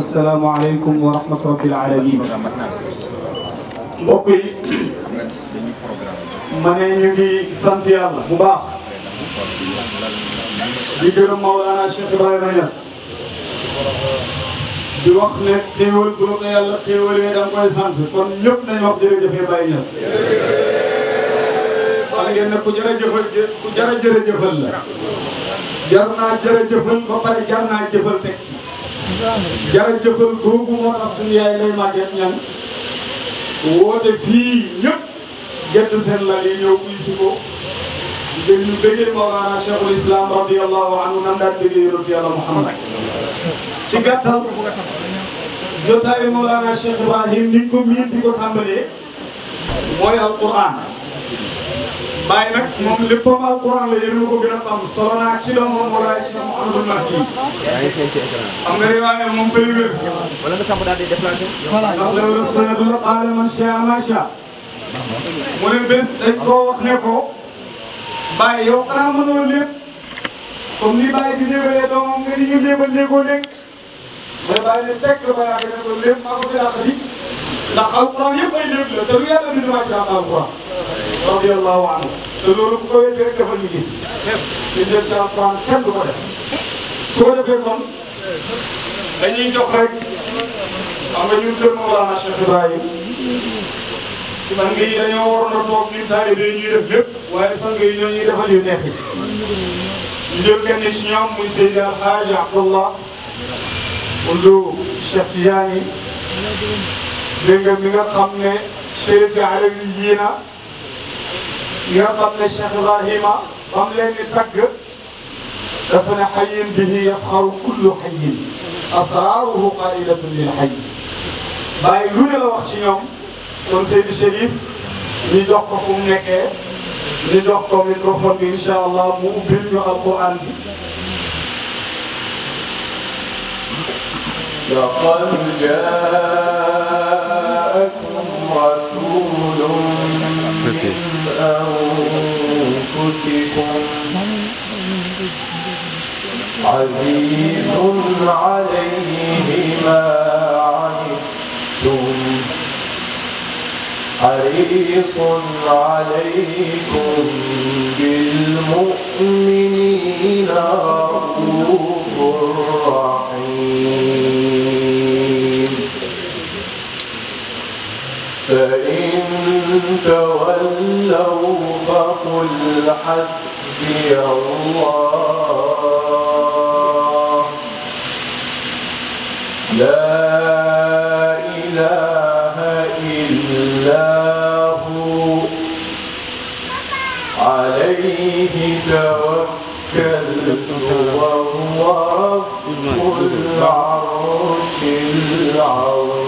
asalaamaaleykum wa rahmatu rabbil alamin mbokk yi ma ne ñu ngi sant yàlla bu baax di gërëm Maulana Cheikh Ibrahima Niass di wax ne xéewal bu la ko yàlla xéewalee da nga koy sant kon ñëpp nañ wax jërëjëfee Baye Niass xam ngeen ne ku jërëjëfal ku jara jërëjëfal la jar naa jërëjëfal ba pare jar naa jëfal teg ci jërëjëfal googu moo tax suñu yaay lay màgget ñan woote fii ñëpp gedd seen la li ñëw uy si ko dégg ñu bëggee Mawlana Cheikhul Islam radiyallahu anhu nan daan bëggee yonent yàlla Muhammad ci gàttal jotaayu Mawlana Cheikh Ibrahim ni ko miin di ko tàmbalee mooy alquran bàyyi nag moom léppam alquran la yéen ko gën a am solo naa ci doomam wala ci Mouhamadou Macky. am nga riwaaya moom fay wér. wala nga sàmm daal di déplacé. voilà ndax loolu la sanadu la mu ne bés dañ koo wax ne ko bàyyi yow xanaa mënoo lépp comme ni bàyyi di lébalee doomam nga ni nga lébal léegoo nekk. mais bàyyi ne tekk ba yaakaar ne ko lépp maa ko fi dàq di ndax alquran yëpp ay lépp la te lu yàlla bind maa ci dàq alquran radiyallahu anhu te loolu bu ko wéddi rek defal ñu gis ñu jël ci alquran kenn du ko def su ko defee kon dañuy jox rek xam nga ñun kër Mawlana Cheikh Ibrahim sang yi dañoo waroon a toog ñun taalibe yi ñuy def lépp waaye sang yi ñoo ñuy defal yu neex yi ñu jël kenn ci ñoom muy Seydi Alxaaji Abdallah Oudou Cheikh Tidiane dégg nga mi nga xam ne Chérif Alawi yii na mi nga xam ne Cheikh Ibrahima leen di dafa ne xayin bihi yafxaru kullu xayin asraaruhu qaidatun lil xay bàyyi lu ne la wax ci ñoom kon Seydi Chérif ñu jox ko fu mu nekkee ñu jox bi incha allah mu ubbil ñu alquran ji لقد جاءكم رسول من أنفسكم عزيز عليه ما عنتم حريص عليكم بالمؤمنين رؤوف تولوا فقل حسبي الله لا إله إلا هو عليه توكلت وهو رب العرش العظيم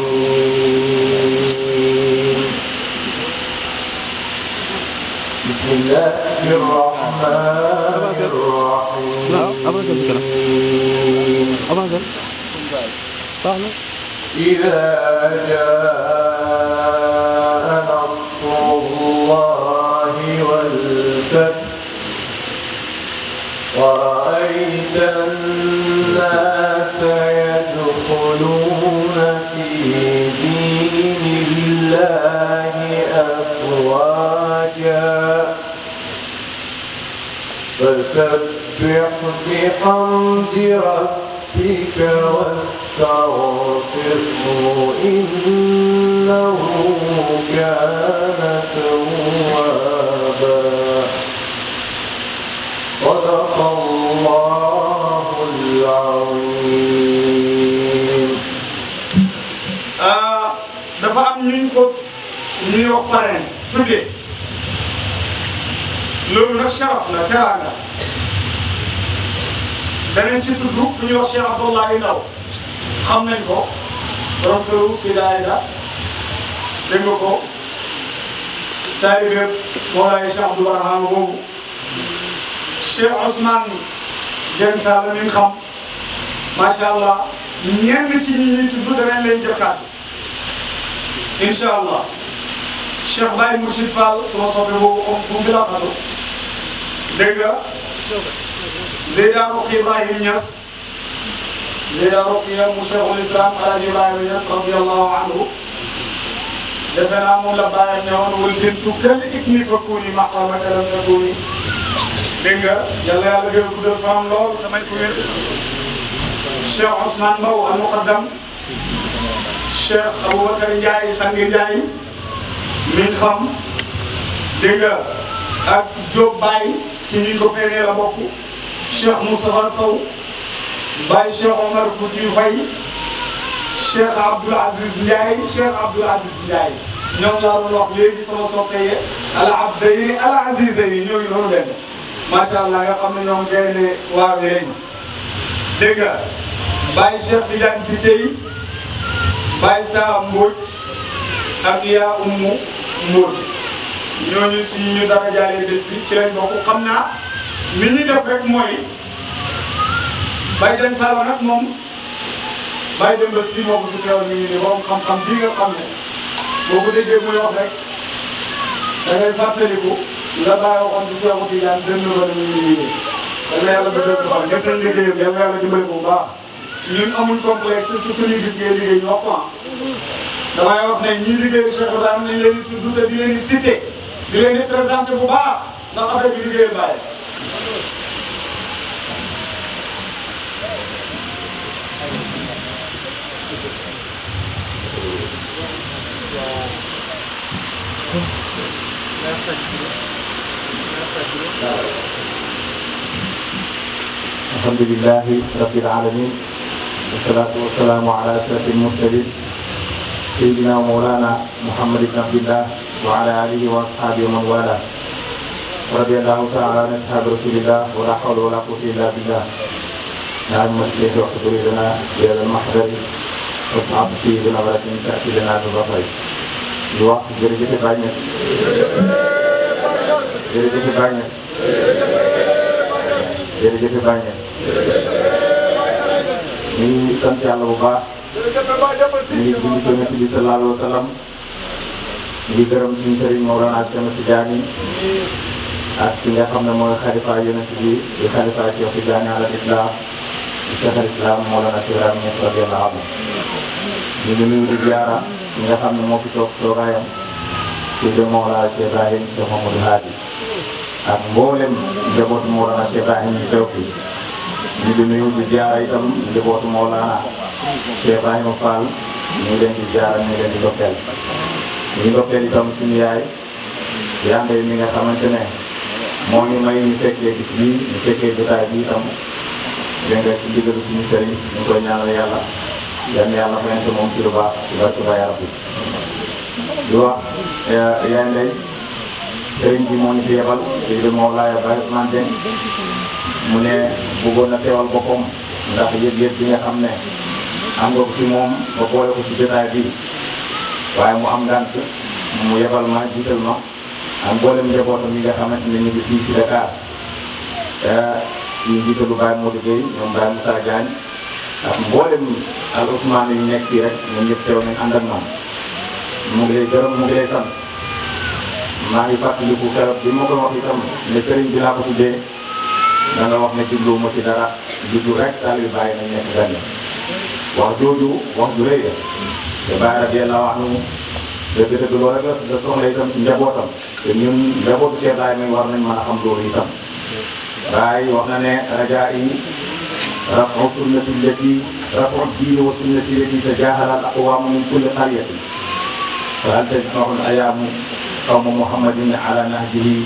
الرحمن الرحيم إذا جاء نصر الله والفتح ورأيت الناس يدخلون في دين الله أفواجا فسبح بحمد ربك واستغفره إنه كان توابا صدق الله العظيم dafa am ñu ko ñuy wax parrain tuddee loolu nag sharaf la teraanga beneen ci tudd bu ñuy wax Cheikh Abdoulaye Ndaw xam nañ ko borom këru si daay la dégg nga ko taalibe Mawlaay Cheikh Abdou Barham boobu Cheikh Ousmane Dieng Sall mi xam macha allah ñenn ci ñi ñuy tudd danañ leen jox kàddu incha allah Cheikh Baye Mourchid Fall suma soppe boobu xam fu mu dégg nga Zeyda Roqi Ibrahim Niass Zeyda Roqiya mu Cheikhul Islam Alaaji Ibrahima Niass radiyallahu anhu defe naa moom la bàyyam ne woon wal bintu kal ibni fakuni mahramaka lam takuni dégg nga yàlla yàlla gën a guddal faam lool te may ko wér Cheikh Ousmane Mbow al muqaddam Cheikh Aboubacar Ndiaye Sang Ndiaye min xam dégg nga ak Diop Baye ci ñi ko péré la bokk Cheikh Moustapha Sow Baye Cheikh Omar Foutiyou Faye Cheikh Abdoul Aziz Ndiaye Cheikh Abdoul Aziz Ndiaye ñoom laa doon wax léegi sama soppeye ala abda yi ala aziz yi ñoo ngi doon benn macha allah nga xam ne ñoom gaynde waar bi lañ dégg nga Baye Cheikh Tidiane Bitey Baye Saa Mbodj ak yaa Umu Mbodj ñooñu si ñu a jaalee bés bi ci lañ bokk xam naa ni ñuy def rek mooy Baye Diagne Salo nag moom Baye Diagne bés si moo ko fi teewal ñu ngi nii borom xam-xam bii nga xam ne si Cheikh Tidiane dënn ba dañuy ñu nii yal na yàlla dëggal sa fan gis nañ liggéeyam yal na yàlla a ko bu baax ñun amul complexe surtout ñuy gis ngay liggéey ñu wax quoi ah. damay wax ne ñii liggéeyu Cheikh Tidiane nañ leen di tudd di leen di cité di leen di présenté bu baax ndax affaire bi liggéeyal bàyyi. alhamdulilahi rabbil alamin wasalaatu wasalaamu ala ashrafil mursalin sayidina mawlana muhammad ibn abdillah wa ala alihi wa ashabihi wa man wala radiyallahu ta'ala an ashabi rasulillah wa la hawla wa la quwwata illa billah نعم المسيح واحضر لنا إلى المحضر واتعب فيه بنظرة تأتي لنا بالبصر الواحد جرجة باينس جرجة باينس jërëjëf Baye Niass ñu ngi sant yàlla bu baax ñu ngi julli ci yonent bi sallallahu alayhi wa sallam di gërëm suñu sëriñ Mawlana Cheikh Tidiane ak ki nga xam ne mooy xalifa yonent bi di xalifa Cheikh Tidiane ala itlaa di Cheikh al Islam Mawlana Cheikh Ibrahima Niass radiyallahu anhu ñu ngi nuyu di ziara nga xam ne moo fi toog toogaayam si de ak mboolem njabootu Mawlana Cheikh Ibrahim ñu teew fi ñu ngi nuyu di ziara itam njabootu Mawlana Cheikh Ibrahima Fall ñu ngi leen di ziara ñu ngi leen di dokkeel ñu ndokkeel itam suñu yaay yande mi nga xamante ne moo ngi may ñu fekkee gis bii ñu fekkee jotaay bi itam dégg nga ci ndigal suñu sëriñ ñu koy ñaanal yàlla yan yàlla fayante moom ci lu baax ci barke ba yàlla bi di wax eh, yaay ndey sëriñ bi moo ñu fi yebal Seydou Mawlaaya Baye Ousmane Dieng mu ne bëggoon na teewal boppam ndax yëg-yëg bi nga xam ne am nga ko ci moom ba boole ko ci jotaay bi waaye mu am ngànt mu yebal ma jiital ma ak mboolem njabootam yi nga xamante ne ñu ngi fii si Dakar eh, ci njiitalu Baye Modou Gueye ñoom Baye Moussa Diagne ak yu nekk fii rek ñoom ñëpp teew nañ mu ngi lay gërëm mu maa ngi fàttaliku keroog bi ma wax ne sëriñ bi laa ko tuddee da wax ne jubluwuma ci dara jublu rek taalibe Baye nañ nekk benn wax jooju wax ju rëy te bàyyi radiyallahu anhu dëgg-dëgg loolu rek la soxla itam ci njabootam te ñun njabootu Cheikh Baye may war nañ mën a xam loolu itam Baye wax na ne rajaa yi rafu sunnati lati rafu diini wa sunnati lati tajahala al aqwaamu min kulli qaryatin fa hal tajma'u al ayaamu qawma muhammadin ala nahjihi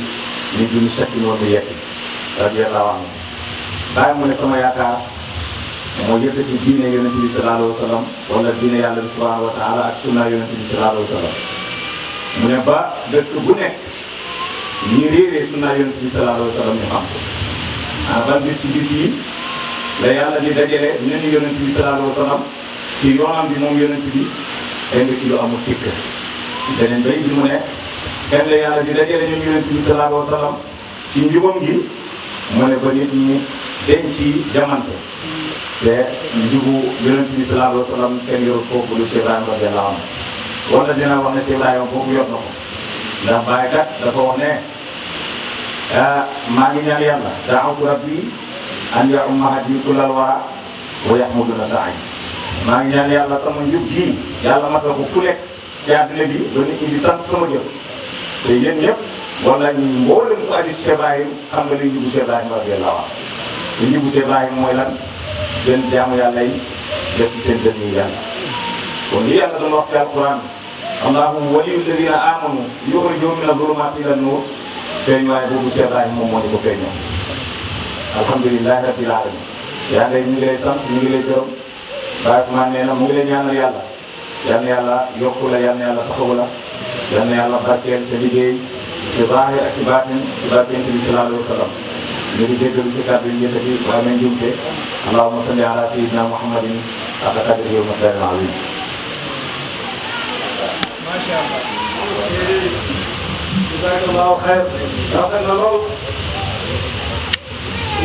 min duni shakkin wa miryatin radiyallahu anhu Baye mu ne sama yaakaar moo yëkkati diine yonent bi sallallahu alayhi wa sallam wala diine bi subhanahu wa taala ak mu ne ba dëkk bu nekk ñi réeree sunna yonent bi sallallahu alayhi wa sallam ñu xam ko ah ban bis ci bis si la yàlla di dajale ñenn yonent bi sallallahu alayhi wa sallam ci yoonam bi moom yonent bi dégg ci lu amul sikk beneen bay bi mu ne kenn la yàlla di dajale ñun yonent bi ci njubam gi mu ne ba nit denc jamante te njubu yonent bi sallallahu alayhi wa sallam kenn yorut kooku lu Cheikh Ibrahima radiyallahu anhu wala dina wax ne Cheikh Ibrahima kooku yor na ko ndax bàyyi dafa wax ne ah, maa ngi ñaan yàlla daawtu rabbi an ya ummahati yàlla sama njub gii yàlla masal ko fu nekk ci àddina bi ba nit ñi di sant sama jëf te yéen ñëpp wala mboolem ku aju Cheikh xam nga liy njubu Cheikh Ibrahima radiyallahu anhu te njubu Cheikh Ibrahima mooy lan seen jaamu yàlla yi def ci seen dënn yi yàlla kon lii yàlla doon wax ci alquran allahu waliyu ladina amanu yuxrijuhum mina zulumati ila nur feeñuwaay boobu Cheikh Ibrahima moom moo ñu ko feeñoo alhamdulilahi rabbil alamin yàlla ñu ngi lay sant ñu ngi lay gërëm Baye Ousmane mu ngi lay yàlla yàlla yokku la yal yàlla taxawu la yal na yàlla barkeel sa liggéey ci zaahir ak ci baatin ci barkeel ci bi sallallahu alayhi ñu ngi jéggalu ci kàddu yi yëkkati bu amee njuumte allahumma salli ala sayyidina muhammadin ak qadri yow ma dara naa wii macha allah jazakallahu xeer rafet na lool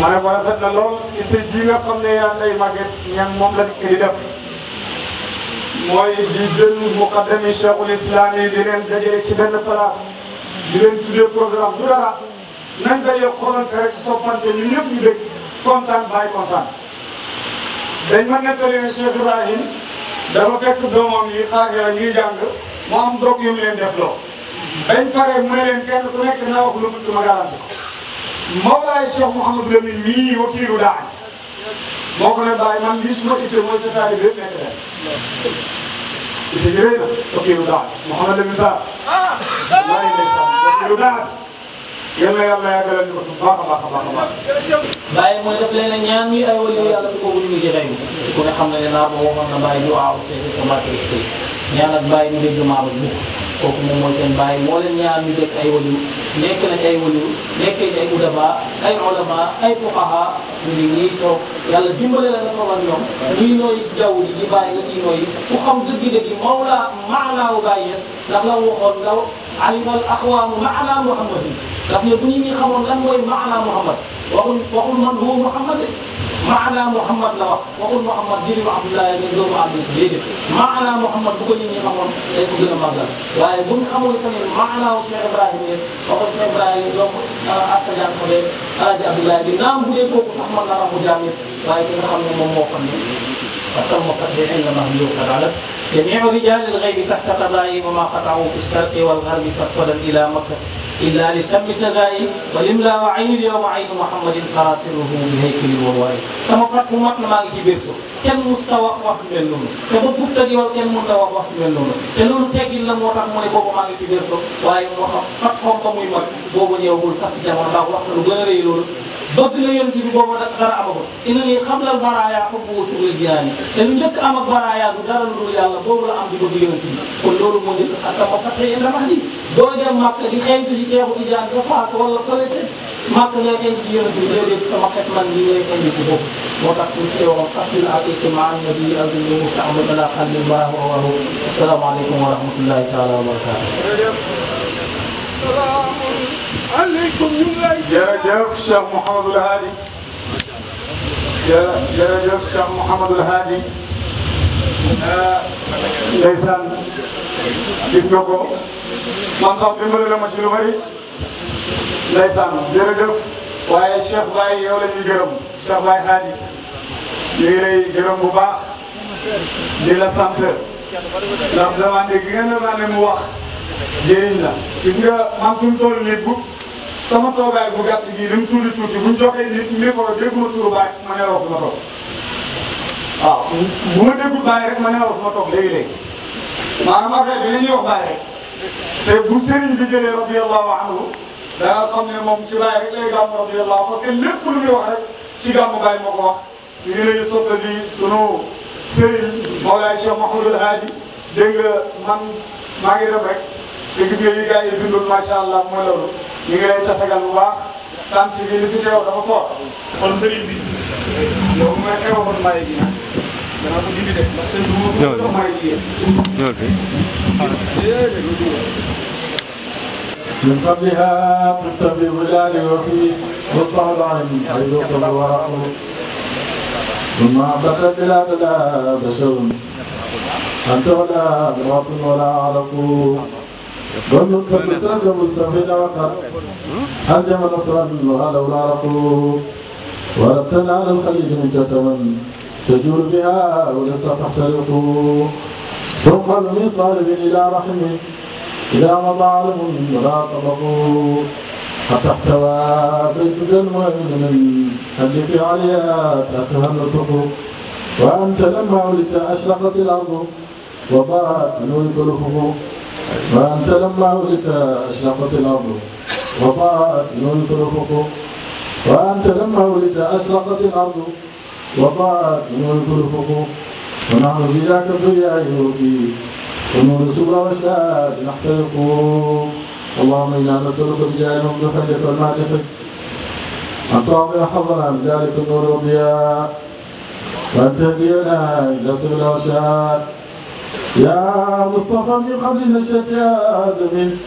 ma ne ko rafet na lool itte ji nga xam ne yaa nday màgget ñan moom la nit ki di def mooy di jël muqaddami cheikhul islam yi di leen dajale ci benn place di leen tuddee programme bu dara nañ daje xoolante rek soppante ñu ñëpp ñu dégg kontaan bàyyi kontaan dañ ma nettali ne Cheikh Ibrahim dafa fekk doomam yi xaaxira ñuy jàng mu am dog yu mu leen def loo bañ pare mu ne leen kenn ku nekk na wax lu mucc ma garanti ko Mawlaay Cheikh Mouhamadou Lamine mii wakiilu daa ji moo ko ne bàyyi man gis ma itte mooy sa taalibe yëpp nekk dem itte jërëjëf wakiilu daa ji Mouhamadou Lamine Sarr ah! waaye ndeysaan wakiilu daa ji yal na yàlla yàggalal ñu ko bu baax a baax a baax a baax. Baye mooy daf leen a ñaan ñuy ay wàllu yàlla te kooku ñu ngi ci xëy mi. ku ne xam naa ko waxoon na Baye ñu waaw seen tomate si ñaan ak Baye ñu dégg maam ak mukk kooku moom mooy seen Baye moo leen ñaan ñu dégg ay wàllu nekk nañ ay wàllu a nañ ay udaba ay ulama ay fuqaha ñu ngi nii toog yàlla dimbale la nga toog ak ñoom. ñuy nooyi ci jaww ji ñu bàyyi yi Mawla maanaawu Baye yi ndax ñoom bu ñu ñuy xamoon lan mooy maanaa Muhammad waxul waxul man huwa Muhammad de maanaa Muhammad la wax waxul Muhammad jëriñu Abdoulaye ak ñoom doomu Abdoulaye déedéet maanaa Muhammad bu ko nit ñi xamoon day ko gën a màggal waaye bu ñu xamoon tamit maanaawu Cheikh Ibrahim Niass waxul Cheikh Ibrahim doomu ah, askan yaa ngi ko dee Alaaji Abdoulaye bi naam bu dee kooku sax mën naa am mu jaam it waaye ki nga xam ne moom moo xam ne. وتم قتل عندما ملوك العلب جميع رجال الغيب تحت قضائي وما قطعوا في الشرق والغرب فرفدا إلى مكة إلا لسم سزائي والإملاء وعين اليوم عين محمد سراسره في هيكل الورواري sama fat bu mat na maa ngi ci biir suuf kenn musta wax wax du mel noonu te ba bufta di wal kenn mënta wax wax du mel noonu te loolu teggin la moo tax mu ne boobu maa ngi ci biir suuf waaye moo xam fat xom ba muy mat boobu ñëwagul sax ci jamono ndax wax na lu gën a rëy loolu bëgg na yonent bi boobu dara amagul ina nii xamlal baraaya xubbu sirril jinaani te lu njëkk am ak baraaya du dara lu dul yàlla boobu la am di bëgg yonent bi kon loolu moo nekk ak dama fàtte yéen dama di doo dem màkk di xeeñtu di Seexu Tijaan ba Faas wala fële ca màkk ngay xeeñtu di yonent bi déedéet sama xet man li ngay xeeñtu ci bopp moo tax suñu see waxoon parce que la atayta maa nabi ak ñu mu sax ba balaa xam ne mbaa wa waaw asalaamaaleykum wa rahmatullahi taala wa barakaatu aleykum ñu ngi lay. jërëjëf Cheikh Mouhamadul Hadi. jërëjëf Cheikh Mouhamadul Hadi. Eh, ndeysaan gis nga ko man sax dimbale la ma ci lu bëri. ndeysaan jërëjëf. waaye Cheikh Baye yow la ñuy gërëm Cheikh Baye Hadi. ñu ngi lay gërëm la sant. ndax demande gi nga mu wax. jëriñ la gis nga man fu mu toll bu. sama toogaay bu gàtt gii li mu tuuti tuuti bu ñu joxee nit micro déggu ma turu baay ma nelaw fu ma toog waaw bu ma déggu baay rek ma nelaw fu ma toog léegi-léegi maanaam affaire bi la ñuy wax baay rek te bu sëriñ bi jëlee radiyallahu anhu da nga xam ne moom ci baay rek lay gàmm radiyallahu parce que lépp lu muy wax rek ci gàmmu baay moo ko wax ñu ngi lay sotta bi sunu sëriñ Mawlaay Cheikh Mahmoudul Haadi dégg nga man maa ngi dem rek te gis nga yi gars yi dundul macha allah mooy loolu ñu ngi lay tasagal bu baax tant bi li fi teew dafa foor kon sëriñ bi yow mooy xewoon maay gi nag dama ko dindi de ndax sëriñ bi moo ko maay gi ñëwal fi من قبلها طبت ببلاد وفي مصنع العلم حيث صلى وراءه ثم عبت بلاد لا بشر أنت ولا بواطن ولا علق ظل فلتركب السفينة وقد أنجم نصرا ولولا رقوب ورتل على الخليج مجة تجول بها ولست تحترق تنقل من صارم إلى رحم إلى مظالم ولا طبق حتى احتوى بيتك المؤمن من هدف عليها تأتها النطق وأنت لما ولدت أشرقت الأرض وضاءت نور الأفق فأنت لما ولدت أشرقت الأرض وضاءت نور الأفق وأنت لما ولدت أشرقت الأرض وضاءت نور الأفق ونحن بذاك الضياء في ونور السورة والشهاد نحترق اللهم إنا نسألك بجاه ممدحك والماتحك أن تعطي حظنا من ذلك النور والضياء وأن تهدينا إلى سبيل الرشاد يا مصطفى من قبل الشتات من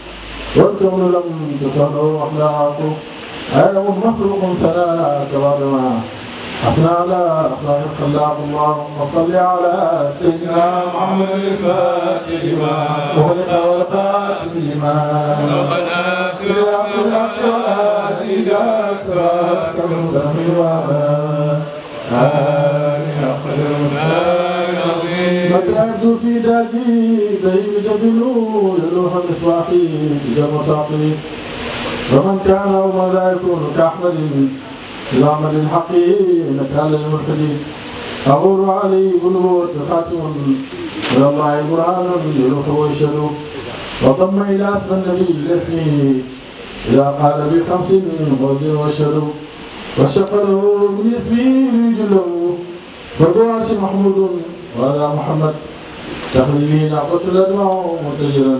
والكون لم تفعله أخلاقه علم مخلوق ثلاث وارما أثنى على أخلاق الخلاق اللهم صل على سيدنا محمد الفاتح لما أغلق والقاتل لما سبقنا سراط الحق وآل إلى صراط المستقيم وعلى آله فتعبد في ذاتي بين جبل يلوح مصباحي جم تعقيب ومن كان أو ماذا يكون كأحمد العمل الحقيم كان للملحدين أغر علي بنبوة خاتم والله برهان يروح ويشهد وضم إلى اسم النبي لاسمه إذا قال بخمس مؤذن وشهد وشق له من اسمه ليجله فذو عرش محمود وعلى محمد تحبيبي ناقة الأدمع متجرا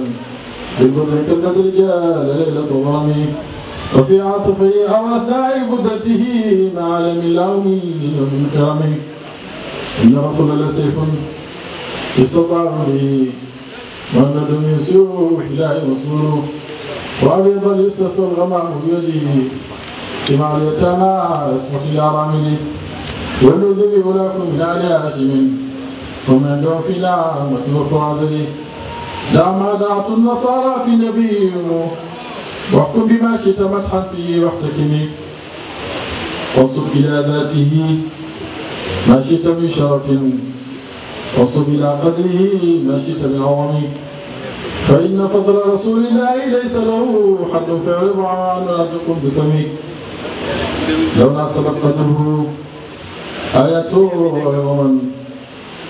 بقدرك القدر جاء ليلة ظلمي وفي عاطفي أوثاء بدته ما علم اللوم من كرمي إن رسول الله سيف يستطاع به مهند يسيوح لا يصبر وأبيض اليسس الغمام بيده سمع اليتامى اسمة الأرامل والنذب ولاكم من آل هاشم ومن لو في لامة وفاضل لما دعت النصارى في نبيهم واحكم بما شئت مدحا فيه واحتكمي وانصب إلى ذاته ما شئت من شرف وانصب إلى قدره ما شئت من عظم فإن فضل رسول الله ليس له حد فيعرض عن أجكم بفمي لولا سبقته آياته ومن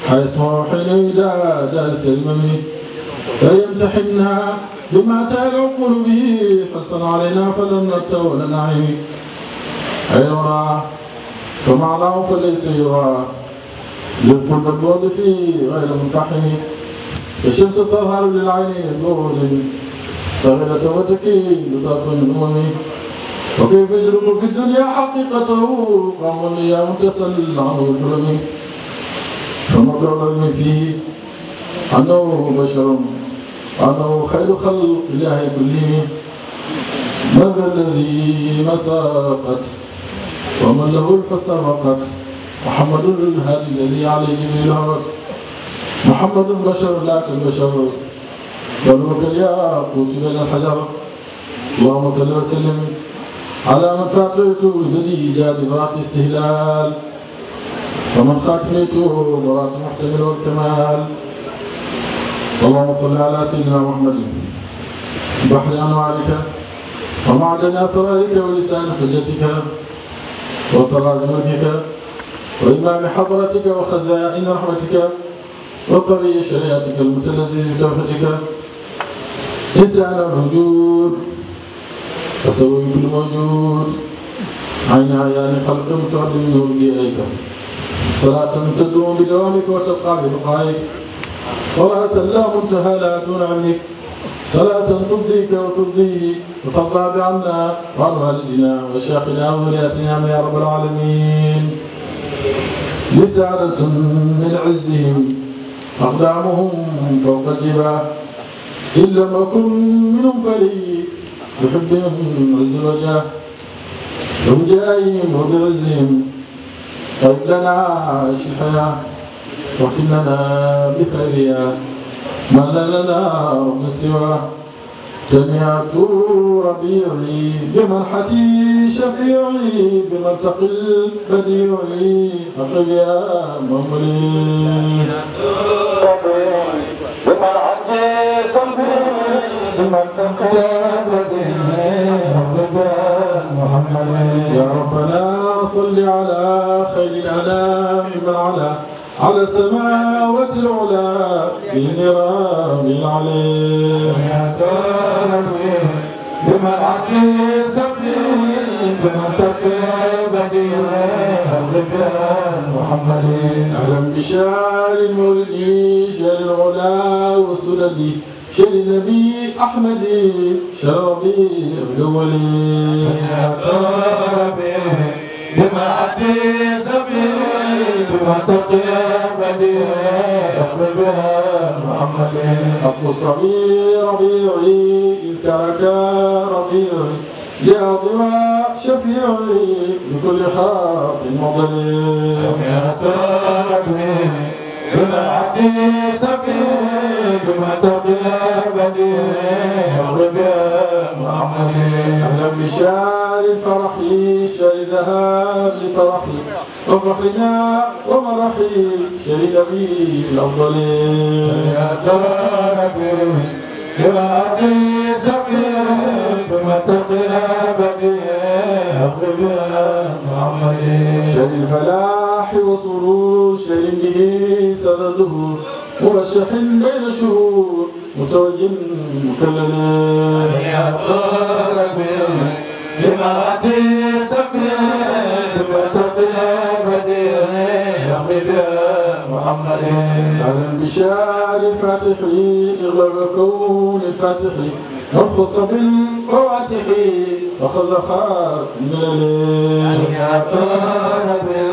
حيصوح الوداد سلمني ويمتحنا بما تعلق به حصل علينا فلن نتولى النعيم عيننا فمعناه فليس يرى للقلب البعد فيه غير منفحم الشمس تظهر للعين بورد صغيرة وتكيل لطرف الأمم وكيف يدرك في الدنيا حقيقته غم يا متسل عن الظلم ثم قررني فيه أنه بشر أنه خير خلق الله كله من ذا الذي مساقت ومن له الحسنى فقط محمد الهادي الذي عليه من الهوت محمد بشر لا كالبشر قلبك الياقوت بين الحجر اللهم صل وسلم على من فاتيته الذي جاد ذات استهلال ومن خاتمته مراد محتمل الكمال اللهم صل على سيدنا محمد بحر انوارك ومعدن اسرارك ولسان حجتك وطراز ملكك وامام حضرتك وخزائن رحمتك وطري شريعتك المتلذذ بتوحيدك انسان الوجود وسبب كل موجود عين عيان خلق متعلم نور بيئك صلاة تدوم بدوامك وتبقى ببقائك صلاة لا منتهى لها دون عنك صلاة ترضيك وترضيه وترضى بعنا وعن والدنا وشيخنا وذرياتنا يا رب العالمين لسعادة من عزهم أقدامهم فوق الجباه إن لم أكن منهم فلي بحبهم عز وجاه وبجاههم وبعزهم هب لنا عاش الحياة واختم لنا بخيرها ما لنا من سواه جميعة ربيعي بمنحتي شفيعي بملتقى البديعي أقل يا مملي بمنحتي صلبي بملتقى البديعي أقل يا محمد يا ربنا صل على خير الأنام من على على السماوات العلا من رام العليم يا ربي بما أحكي سفلي بما تقي بدي أغلب محمدي أهلا بشعر المولد شر العلا والسندي شر النبي أحمد شر ربي الأولين يا ربي حق الصبي ربيعي إن ترك ربيعي لعظم شفيعي بكل خاط مضلي سمعت ربي بما أعطي سبي بما تقل بديعي بشار الفرحي شر ذهاب لطرحي وفخرنا ومرحي شر نبي الأفضل يا تبارك براتي سقيم بما تقلبني أقرب يا محمد شر الفلاح وسرور شر به سرده مرشح بين شهور متوجم كلنا يا ربي لما أتي سبيت وتقلى بديعي يا محمد على البشار فاتحي إغلق كون فاتحي نفص بالفواتح وخزخات من الليل يا ربي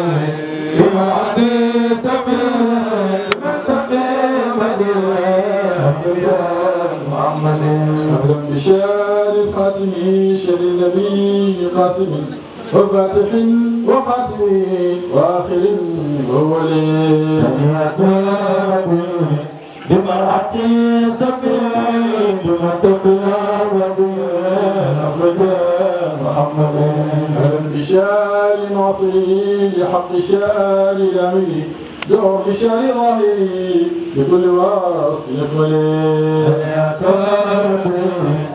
قاسم شر النبي قاسم وفاتح وخاتم واخر اول بمرحك سبيل بما تقلى وبالأفضل محمد أهلا بشال وصيل لحق شال الأمير دعوا بشال ظهير بكل واصل يقبل يا ربي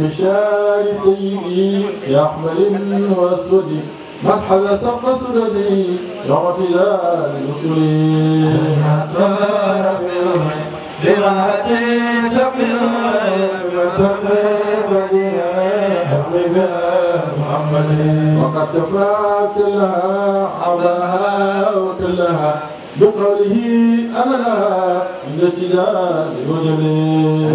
بشار سيدي يا أحمر وأسود من حل سق سددي واعتزال أسري بغرة سقي وقد كفى كلها عباها وكلها بقوله أنا لها عند سداد وجلي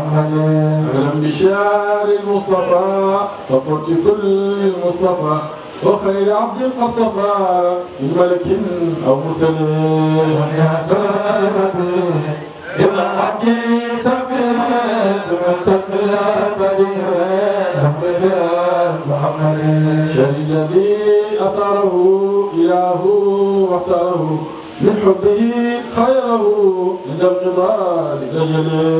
محمد أهلا بشار المصطفى صفوة كل المصطفى وخير عبد قد صفى من ملك أو مرسل يا ربي إلى حق سبيل ومن أبدي محمد شهد الذي أثاره إله واختاره من حبه خيره عند القضاء لجله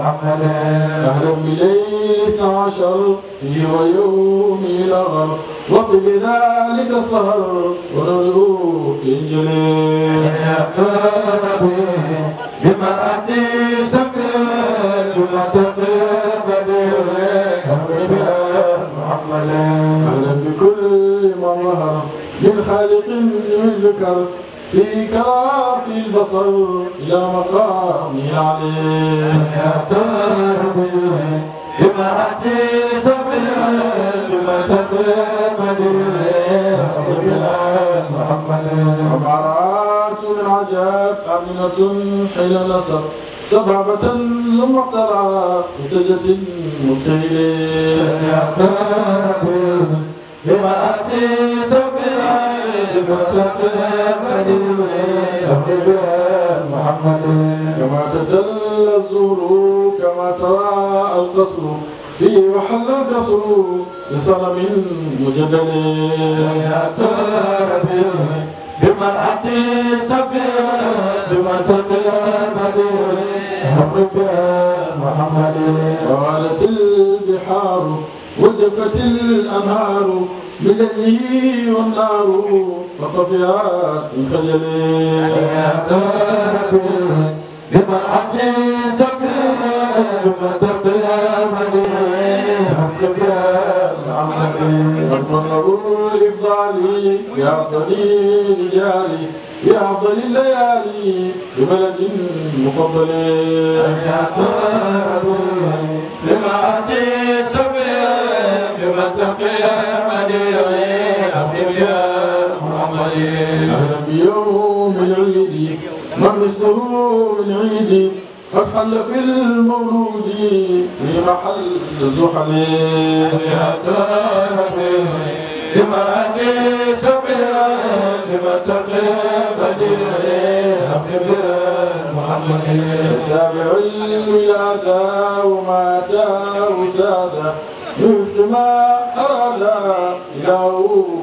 محمدا أهلا بليل عشر في ويوم الأغر واطب ذلك السهر ونرجو في الجليل بما أتي سكت بما تقبل أهلا بكل مظهر من خالق يذكر في كراف البصر إلى مقام العلي يا تربي بما أتي سبيل بما تقبل محمد عبارات العجاب آمنة حين نصر سبابة ثم اقتلعت بسجة مبتهلة يا تربي بما أتي سبيل محمد كما تدل الزور كما ترى القصر في وحل القصر بصنم مجدد يا ربي بمن أتي سبيل بمن تقلب حبب محمد وعلت البحار وجفت الأنهار بجنه والنار وطفئات الخجل يا رب بمرحب سبيل وتقيامني حمدك يا العمل المنر الافضالي يا طليل جاري يا أفضل الليالي ببلد مفضل يا رب بما أتي سبيل بما تقيامني عليه أهلا بيوم العيد ما مثله من عيد قد حل في المولود في محل الزحل يا ترى بما أهلي سبيا بما تقرب ديري أقرب محمد سابع الولادة ومات وسادة مثل ما أراد إلهه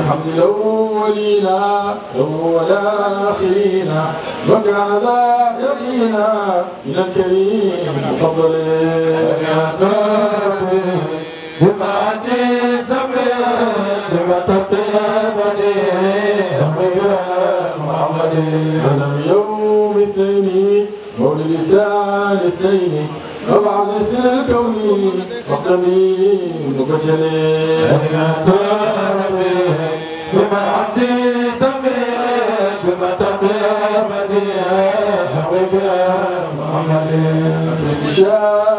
الحمد الأولين والآخرين وكان ذا يقينا من الكريم بفضل يا ربي بما أني سمعت بما تطيبني أخيرا محمد أنا اليوم الثاني مولد لسان اثنين وبعد السن الكوني وقدمي مبجلي شار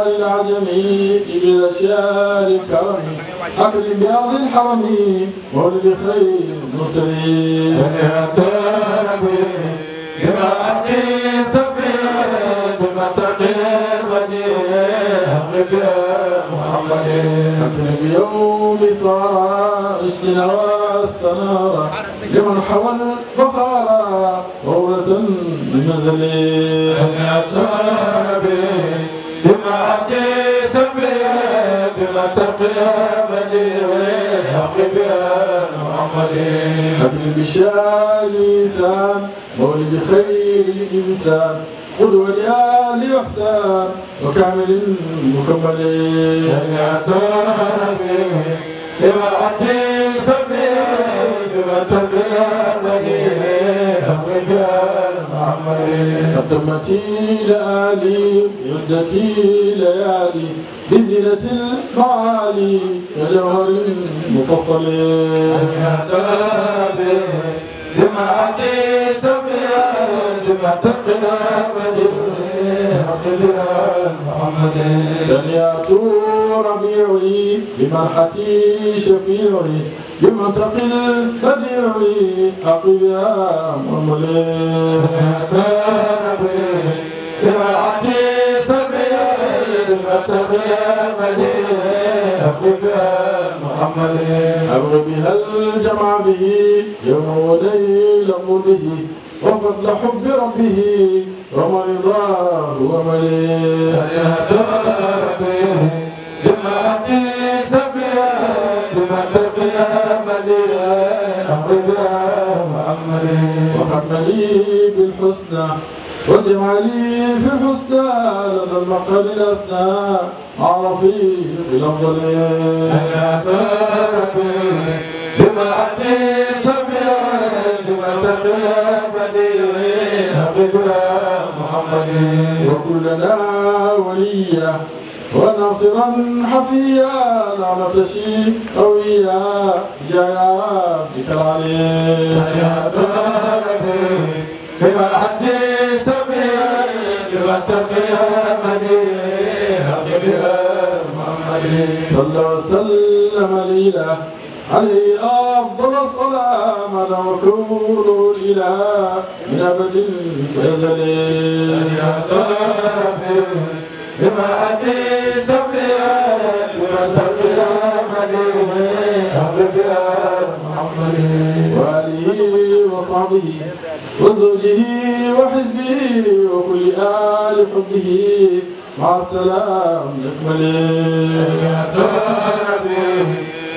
العجم إلى شار الكرم أكرم بأرض الحرم ولد خير مصري سمعت ربي بما أتي سبي بما تقي غدي أغبي محمد أكرم يوم الصارى اشتنا واستنار لمن حوى البخارى مولة من زليل نبي بما أتي سبي بما تقيا بديوي حقيبا محمد أكرم بشاري سام مولد خير الإنسان قل ولآل إحسان وكامل مكمل سمعتنا به لما أدي سبيل بما تذلني أتمتي لآلي عدتي ليالي بزينة المعالي كجوهر مفصل سمعتنا به لما أدي سبيل وتقنا فللعقلنا محمد ثنيات ربيعي بمرحتي شفيعي بمنتقى البديعي أقل يا مرملي بمرحتي شفيعي بمنتقى البديعي أقل يا محمد أبغي بها الجمع به يوم وليل قوله وفضل حب ربه ومرضاه ومليء فيهدى ربه لما أتيس بها لما تقيا مليا أحبها وعملي وختمني بالحسنى واجعلي في الحسنى لدى المقام الأسنى مع رفيق الأفضل سيهدى ربي لما أتيس بها لما تقيا حبيبنا محمد وكلنا وليا وناصرا حفيا نعمة شيء قوية يا بك العليم يا بابي بما الحد سبيا بما التقيا مديح بها محمد صلى وسلم ليله عليه أفضل الصلاة لو كون الإله من أبد يزلي يا ربي بما أتي سبيا بما ترجع مديه أبد محمد وآله وصحبه وزوجه وحزبه وكل آل حبه مع السلام نكمل يا ربي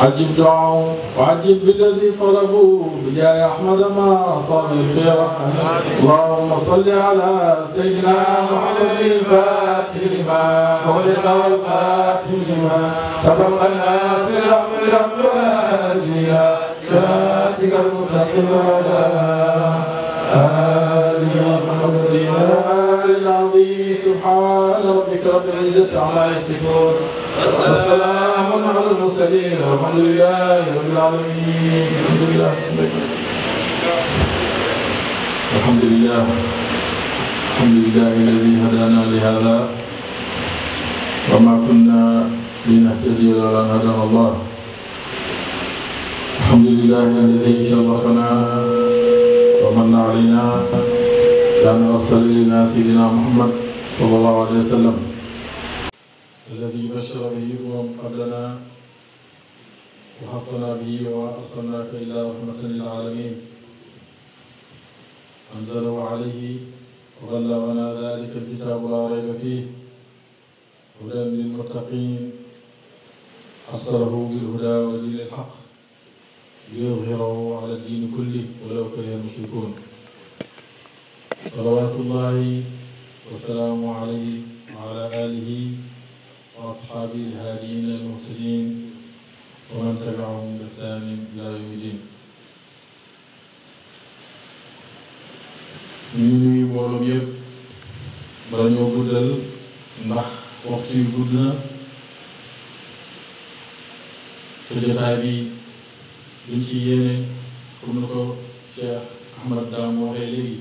عجب دعاهم وعجب بالذي طلبوا بجاه أحمد ما صار خيرا اللهم صل على سيدنا محمد الفاتح لما أغلق والخاتم لما سبق الناس الحمد لله ولا إله إلا أنت المستقيم ولا آه سبحان ربك رب العزة عما يصفون وسلام على المرسلين والحمد لله رب العالمين الحمد لله الحمد لله الحمد لله الذي هدانا لهذا وما كنا لنهتدي لولا ان هدانا الله الحمد لله الذي شرفنا ومن علينا لأن أرسل إلينا سيدنا محمد صلى الله عليه وسلم الذي بشر به أمم قبلنا وحصنا به وأرسلناك إلى رحمة للعالمين أنزله عليه وبلغنا ذلك الكتاب لا ريب فيه هدى للمتقين حصله بالهدى ودين الحق ليظهره على الدين كله ولو كره المشركون صلوات الله والسلام عليه وعلى آله وأصحابه الهادين المهتدين ومن تبعهم بإحسان إلى يوم الدين ñu nuyu mbooloom yëpp bala ñoo guddal ndax waxtu yu gudd na te jotaay bi duñ ci yéene comme ni ko Cheikh Ahmad Dam waxee léegi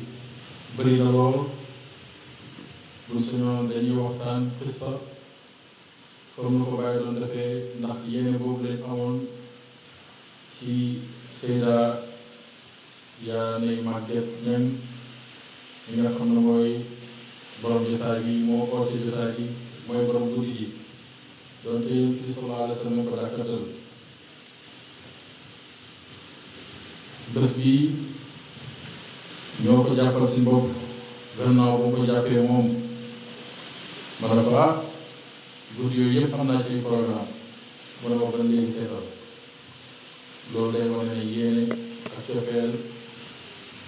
bëri na lool bu suñu dañuy waxtaan xissa comme nu ko bàyyi doon defee ndax yéene boobu lañ amoon ci Seyda yaa nay Maguette Niang ñi nga xam ne mooy borom jotaay bi moo borom guddi gi doonte yonent bi sallallahu alayhi wa sallam ko dàkkatal bés bi ñoo ko jàppal si bopp gannaaw boo ko jàppee moom ma a ko ah guddi yooyu yëpp am naa ci programme mu ne ma léegi seetal loolu day wane ne yéene ak cofeel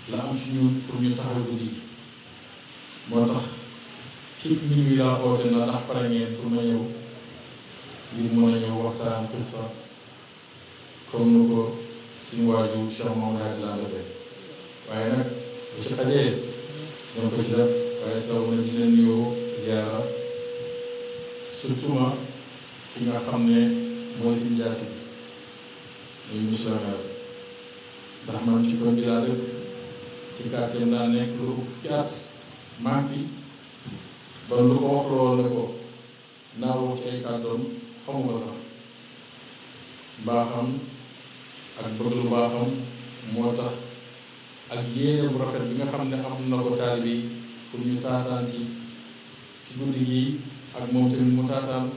la am ci ñun pour ñu taxaw guddi gi moo tax ci nit ñi laa xoote na ndax pare ngeen pour ma ñëw ngir mën a ñëw waxtaan xissa comme nu ko suñu waajur Cheikh Mamadou Hadj Lalla defee waaye nag bu ci xajee ñoo ko ci def waaye taw na dina nuyoo ziara surtout ma ki nga xam ne mooy si njaati bi muy monsieur le maire ndax man ci koñ bi laa dëkk ci quartier laa nekk lu ëpp fukki fi ba lu ko wax lool ko naa wax ci ay kàddoom xamu ko sax baaxam ak bëgg lu baaxam moo tax ak yéene bu rafet bi nga xam ne am na ko taalibe yi pour ñu taataan ci ci guddi gii ak moom tamit mu taataan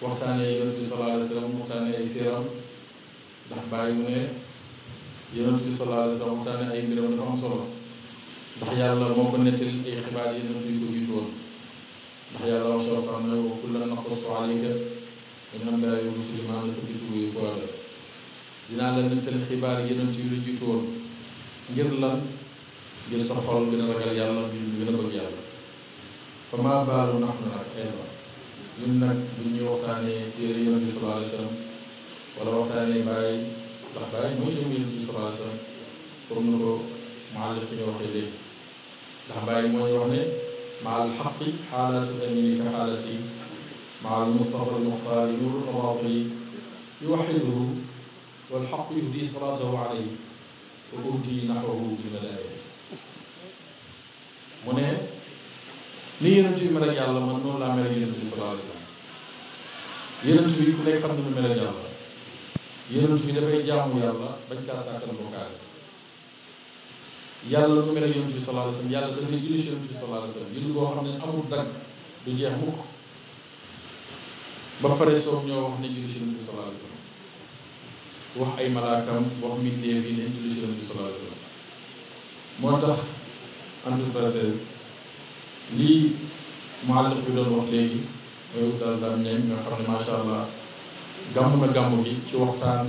waxtaane yonent bi sallallahu alayhi wa sallam waxtaane ay siiram ndax bàyyi mu ne yonent bi sallallahu alayhi wa sallam waxtaane ay mbiram solo ndax yàlla moo ko nettali ay xibaar yi yonent yi ko jiitu woon ndax yàlla wax solo xam ne wa kullan naqussu alayka min anbaa'i rusuli maa nusaddiqu bihi fu'aadak dinaa la nettali xibaar yi yonent yi la lan ngir sa gën a ragal yàlla ngir gën a bëgg yàlla comment baalu nax na nag ay ma ñun nag bu ñuy waxtaanee séeréer yonent bi sallallahu alayhi wa sallam wala waxtaanee bàyyi ndax bàyyi mooy jëm yonent bi sallallahu alayhi wa sallam comme ni ko maalik ki ñu waxee léegi ndax bàyyi moo ñu wax ne maa al xaqi xaalatu amini ka xaalati maa al mustafa al muxtaari nuru nawaatili yuwaxiduhu wal xaq yuhdi salaatahu alayhi wa ubdi naxwahu bi malaaya mu ne ni yonent bi mel yàlla man noonu laa mel ak yonent bi sallallahu alayhi wa sallam nekk xam na nu mel yàlla yonent bi dafay jaamu yàlla bañ kaa sàkkal bokkaale yàlla nu mel ak yonent bi sallallahu alayhi wa sallam yàlla dafay julli si yonent bi sallallahu alayhi wa ne amul dagg du jeex pare soog ñoo wax ne julli ay malaakam wax mbindeef yi ne julli si yonent bi sallallahu moo tax entre lii maalif bi doon wax léegi mooy oustaz Lam Diagne nga xam ne macha allah gàmm na gàmm bi ci waxtaan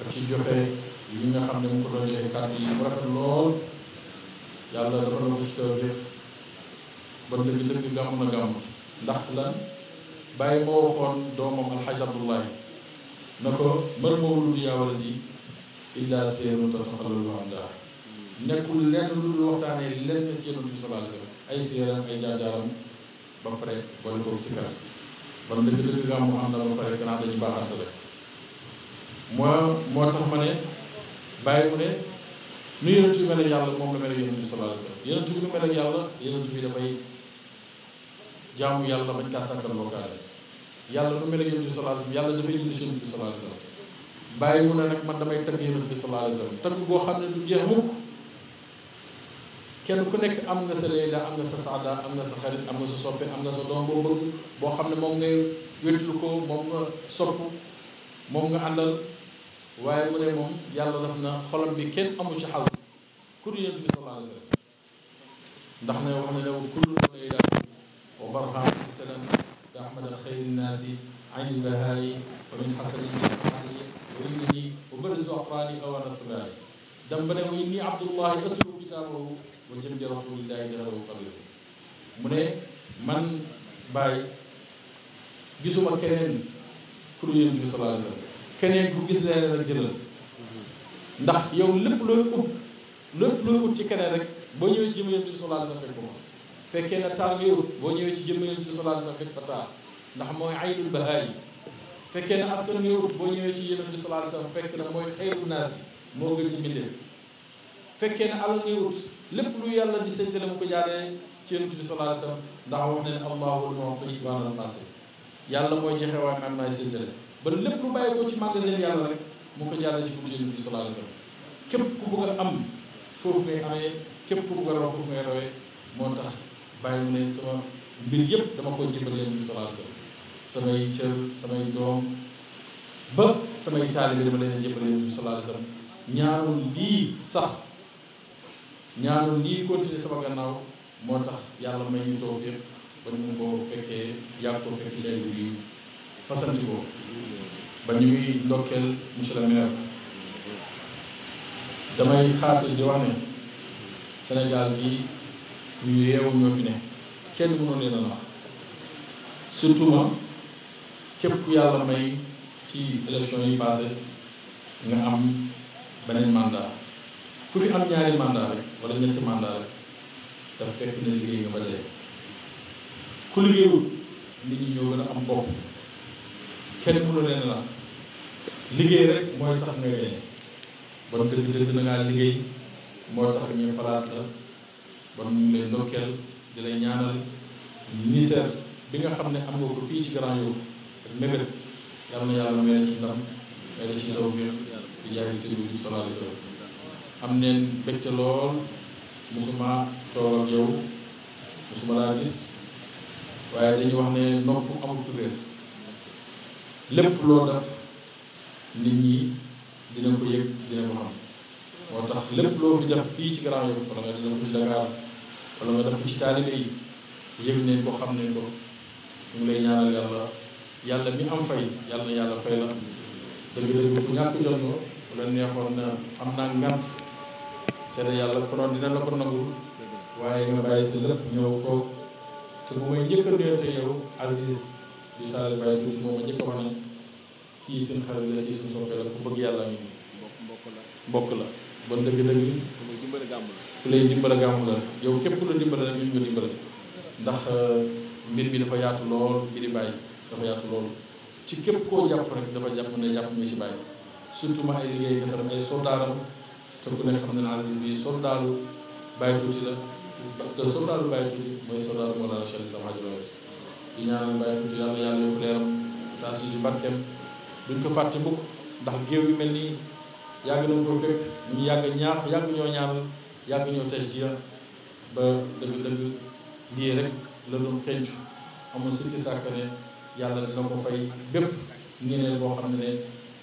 ak ci joxe li nga xam ne mu ko doon joxe kàddu yi mu lool yàlla dafa la ko si tawfiq ba dëgg dëgg gàmm na gàmm ndax lan bàyyi moo waxoon doomam alxaj abdullahi na ko mën mawlud yaa waladi illaa seenu tataxalalu amdaa nekkul lenn lu dul waxtaanee lenn si yonent bi sallallahu alayhi wa sallam ay séeram ay jaar-jaaram ba pare boole koog sikar ba mu dëgg dëgg gàmmu am na ba pare gannaaw dañu baaxantale moo moo tax ma ne bàyyi mu ne nu yonent moom la mel ak yonent bi sallallahu alayhi wa sallam yonent bi nu mel ak yàlla yonent bi dafay jaamu yàlla bañ kaa sàkkal bokkaale yàlla nu mel ak yonent bi sallallahu man damay tagg yonent bi sallallahu alayhi wa tagg boo xam ne du jeex mukk kenn ku nekk am nga sa Leyla am nga sa Saada am nga sa xarit am nga sa soppe am nga sa doom boo bëgg boo xam ne moom ngay wétlu ko moom nga sopp moom nga àndal waaye mu ne moom yàlla daf na xolam bi kenn amu ci xas ku dul Yonent bi sallallahu alayhi wa sallam ndax ne wax ne ne kullu Leyla wa barham salam da ahmada xayri naasi ani bahaari wa min xasani yi wa innii ubarrizu aqraani aw anasbaari dem ba ne wa innii abdullahi atlubu kitaabahu waccan bi rasulillahi darawu xabiir mu ne man bàyyi gisuma keneen ku dul yonent bi sallallahu alayhi wa keneen ku gis leneen rek jëlal ndax yow lépp looy ut lépp looy ut ci keneen rek boo ñëwee ci jëmm yonent bi sallallahu alayhi wa sallam fekkee na taar ngay boo ñëwee ci jëmm yonent bi sallallahu alayhi wa fekk ndax mooy aynul bahaa yi fekkee na askan ngay ut boo ñëwee ci mooy xeyrul naas yi moo gën ci mbindeef fekkee ne alal ngay wut lépp lu yàlla di séddale mu ko jaaree ci yonent bi sallallahu alayhi wa sallam ndax wax ne ne allahu wal moom koy baanal passé yàlla mooy joxe waaye man maay séddale ba lépp lu bàyyi ko ci magasin yàlla rek mu ko jaaree ci buntu yonent bi sa alayhi wa képp ku bëgg a am foofu ngay amee képp ku bëgg a raw foofu ngay rawee moo tax bàyyi mu ne sama mbir yépp dama ko jëmbal yonent bi sallallahu alayhi wa sallam samay cër samay doom ba samay taalibe dama leen jëmbal bi sallallahu alayhi wa ñaanu lii continuer sama gannaaw moo tax yàlla may ñu toog fépp ba ñu ko fekkee yàgg ko fekk day yu fasanti ko ba ñu ngi ndokkeel monsieur damay xaatir di Sénégal bi ñu yeewu fi ne kenn mënoon leen a wax surtout ma képp yàlla may ci élection yi passé nga am beneen mandat ku fi am ñaari mandat rek wala ñetti mandat rek dafa fekk na liggéey nga ba dee ku liggéeyul nit ñi ñoo gën a am bopp kenn mënu leen la liggéey rek mooy tax nga gañe bon dëgg-dëgg na ngaa liggéey moo tax ñu falaat la bon ñu ngi lay ndokkeel di lay ñaanal ministère bi nga xam ne am nga ko fii ci Grand Yoff ak mébét na yàlla may ci ndam may ci tawfiq di jaay si sallallahu alayhi wa sallam am neen mbégte lool musuma toog ak yow musuma laa gis waaye dañuy wax ne nopp amul kubéer lépp loo def nit ñi dina ko yëg dina ko xam moo tax lépp loo fi def fii ci Grand Yoff wala nga def ko ci Dakar wala nga def ko ci taalibe yi yëg neen ko xam neen ko ngi lay ñaanal yàlla yàlla mi am fay yàlla na yàlla fay la dëgg-dëgg bu ñàkk jot nga wala neexoon na am naa ngant seede yàlla konoon dina la ko nangul waaye nga bàyyi si lépp ñëw toog te bu may njëkk a nuyoonte yow Aziz di taale ma njëkk a wax ne yàlla mi mbokk la mbokk la bon dëgg-dëgg ku lay la ku lay dimbale gàmm la yow képp ku la nga dimbale ndax euh, mbir mi dafa yaatu lool mbiri bàyyi dafa yaatu lool ci képp koo jàpp rek si bàyyi soldaaram te ku ne xam ne ne Aziz bi soldaaru Baye Tuuti la te soldaaru Baye Tuuti mooy soldaaru Mawlana Cheikh Islam Hadji Malick Sy di ñaanal Baye Tuuti yàlla yàlla yokk leeram taas yi ci barkeem duñ ko fàtte mukk ndax géew yu mel nii yàgg nañ ko fekk ñu yàgg ñaax yàgg ñoo ñaanal yàgg ñoo tajdiya ba dëgg-dëgg lii rek la doon xencu amul sikki sàkk ne yàlla dina ko fay bépp ngeneen boo xam ne ne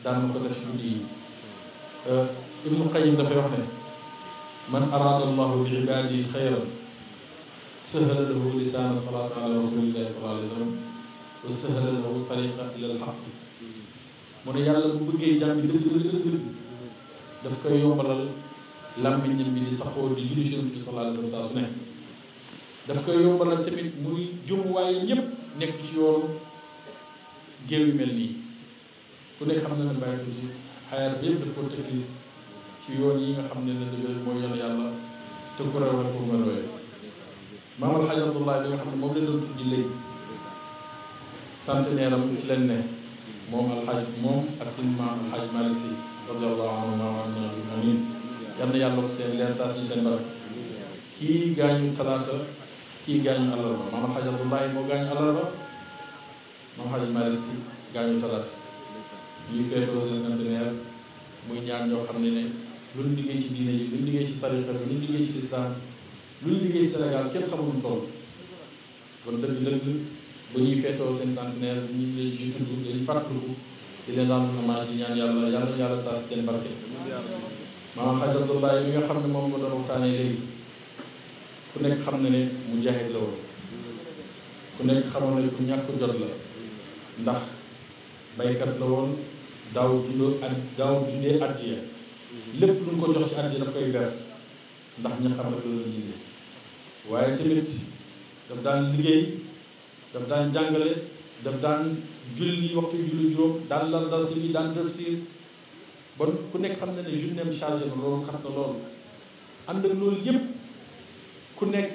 daan na ko def guddi yi euh, ibnu qayim dafay wax ne man araada allahu bi ibaadihi xayran sahala lahu lisaana salaat ala rasulillahi sallallahu alayhi wa sallam wa ne yàlla bi dëgg dëgg dëgg daf ne daf koy yombalal tamit muy nekk ci yu mel nii nekk xam xayaat yëpp daf ko ci yi nga xam ne la dëgër mooy yoon yàlla te ku rawoon foo nga roye maam alxaaj abdullah bi nga xam ne moom la doon tuddi léegi centenaire am ci leen ne moom alxaaj moom ak seen maam alxaaj Malick radiallahu anhu maam amin yal na yàlla ko seen leer taas alxaaj abdullahi moo gaañu àllarba maam alxaaj Malick Sy gaañu talaata ñuy feetoo seen centenaire muy ñaan ñoo xam ne ne lu ñu liggéey ci diine yi lu ñu liggéey ci tariqa bi lu ñu liggéey ci lislaam lu ñu liggéey ci Sénégal kenn ñuy feetoo seen centenaire ñu leen ji tudd dañuy fàttaliku di leen daal na maa ci ñaan yàlla yàlla yàlla taas seen barke mi nga xam ne moom ma doon waxtaanee léegi ku nekk xam na ne mu jaxit la woon ku nekk xamoon ne ku ñàkk jot la ndax baykat la woon daaw dundoo ak daaw dundee addiya lépp lu ñu ko jox ci àddina daf koy ber ndax ñu xam ne loolu lañ liggéey waaye tamit daf daan liggéey daf daan jàngale daf daan julli waxtu julli juróom daan lal dal si bi daan def si bon ku nekk xam na ne journéem chargé na loolu xam na loolu ànd ak loolu yépp ku nekk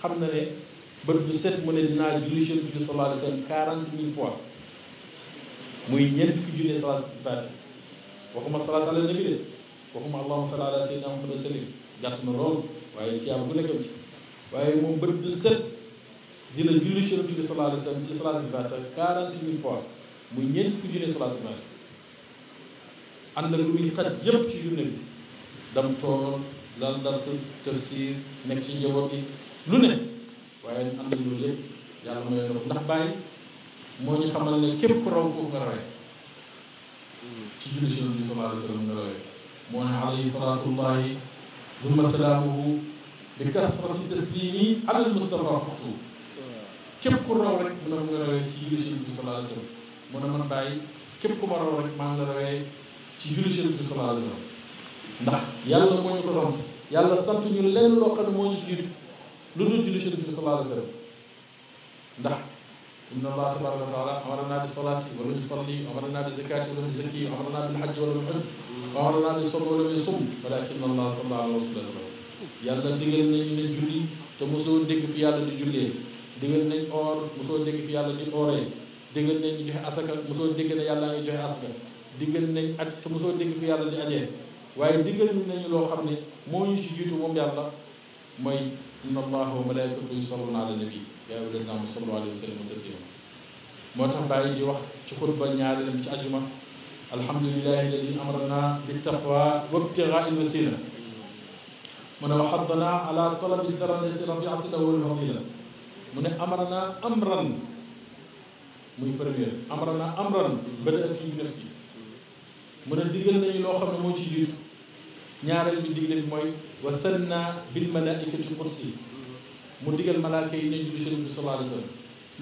xam na ne bët bu set mu ne dinaa julli ci Yonent bi sallallahu alayhi wa quarante mille fois muy ñeent fukki junne salaat faati waxuma salaat ala nabi de waxuma allahuma salli ala sayyidina muhammad wa sallim gàtt na lool waaye tiyaaba bu nekkam ci waaye moom bët du set dina julli ci yonent bi sallallahu alayhi wa sallam ci salaatul faatiha quarante mille fois muy ñeent fukki junni salaatul faatiha ànd ak lu muy xat yépp ci journée bi dam tool lal dar sa tafsir nekk ci njaboot yi lu ne waaye ànd ak loolu lépp yàlla mooy dox ndax bàyyi moo ñu xamal ne képp ku raw foofu nga rawee hmm. ci julli ci yonent bi sallallahu alayhi wa sallam nga rawee moo ne alayhi salaatullahi duma salaamuhu bi kasrati taslimi alal Mustafa Fuxtu képp ku raw rek mu ne mu nga rawee ci julli Yonent bi sallallahu alayhi wasallam mu man bàyyi képp ku ma raw rek maa ngi ci julli Yonent bi sallallahu alayhi wasallam ndax yàlla moo ñu ko sant yàlla sant ñu lenn loo xam ne moo ñu ci jiitu lu dul julli Yonent bi sallallahu alayhi a ndax inna allah tabaraka wa taala amara naa bi salaati wala ñu salli amara naa bi zakaati wala ñu zakki amara naa bil hajji wala amar naa bi sobo la muy sum walakin allah salla ala rasul sallam yàlla digal nañ ne julli te mosoo dégg fi yàlla di jullee digal nañ or mosoo dégg fi yàlla di ooree digal nañ ñu joxe asaka mosoo dégg ne yàlla ngi joxe asaka digal nañ aj te mosoo dégg fi yàlla di ajee waaye digal nañu loo xam ne moo ñu ci jiitu moom yàlla mooy inna allaha wa malaikatahu yusalluna ala nabi yaa ayyuhan naamu sallu alayhi wa sallimu taslima moo tax bàyyi di wax ci xutba ñaareelam ci ajuma alhamdulilahi alladi amarana bittaqwa wabtigaa il wasila mu ne waxaddana ala talabi darajati rafiati lawal fadila mu ne amarana amran muy première amarana amran bada ak bi nafsi mu ne digal nañu loo xam ne moo ci jiitu ñaareel bi digle bi mooy wa thanna bil malaikati qudsi mu digal malaaka yi nañ julli seen bi sallallahu alayhi wa sallam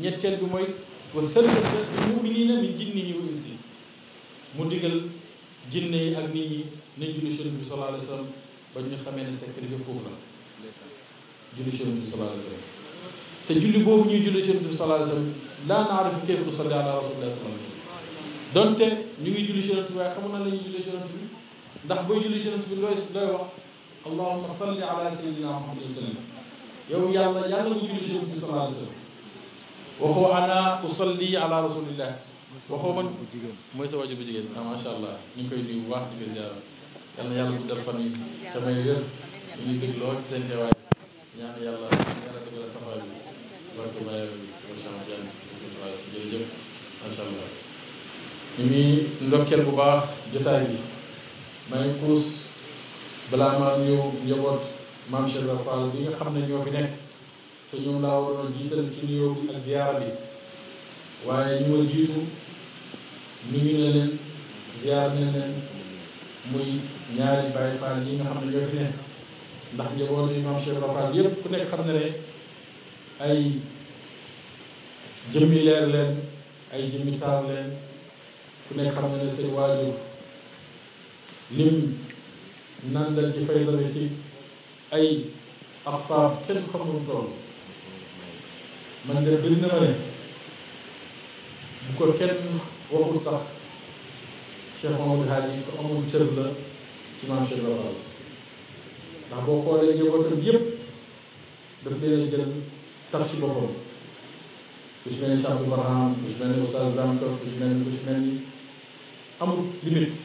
ñetteel bi mooy wa thanna muminina min jinnihi wa insi mu digal jinne yi ak nit ñi nañ julli Yonent bi sallallahu ñu xamee ne secret bi foofu la julli Yonent bi te julli boobu ñuy julli Yonent bi sallallahu alayhi wa sallam laa naarifu kayfa nusalli ala rasulillahi sallallahu alayhi wa sallam donte ñu ngi julli Yonent na la ñuy julli Yonent bi ndax booy julli Yonent bi looy looy wax allahumma salli ala sayyidina muhammadin wa sallam yow yàlla yàlla nga julli Yonent bi sallallahu wa sallam waxoo ana usalli ala rasulillah waxoo man mooy sa wajur bu jigéen ah macha allah ñu ngi koy nuyu bu baax di ko ziar yal na yàlla guddal fan yi te may wér ñu ngi bëgg lool ci seen teewaay ñaan ñu ngi ndokkeel bu baax jotaay bi may kuus balaa maa ñëw njaboot maam Cheikh Ibra bi nga xam ne ñoo fi nekk te ñoom laa waroon jiital ci nuyoo bi ak ziara bi waaye ñu ma jiitu. nuyu na leen ziar muy ñaari Baay Faal yi nga xam ne ñoo fi ndax njaboot si maam Cheikh Ibra Fall ku nekk xam na ne ay jëmmi leer leen ay jëmmi taar leen ku nekk xam na ne seen waajur lim nandal ci fay i ci ay ab paaf kenn xamul tool man de bëri na ma ko kenn waxul sax Cheikh Mamadou Hadi ko amoon cër la ci maam Cheikh Ibra Fall ndax boo xoolee njabootam yépp daf leen a jël taf ci boppam ku ci mel ni Cheikh Abdou Barham ku ci mel ni Oustaz Damto ku ci mel ni ku ci mel ni amul limite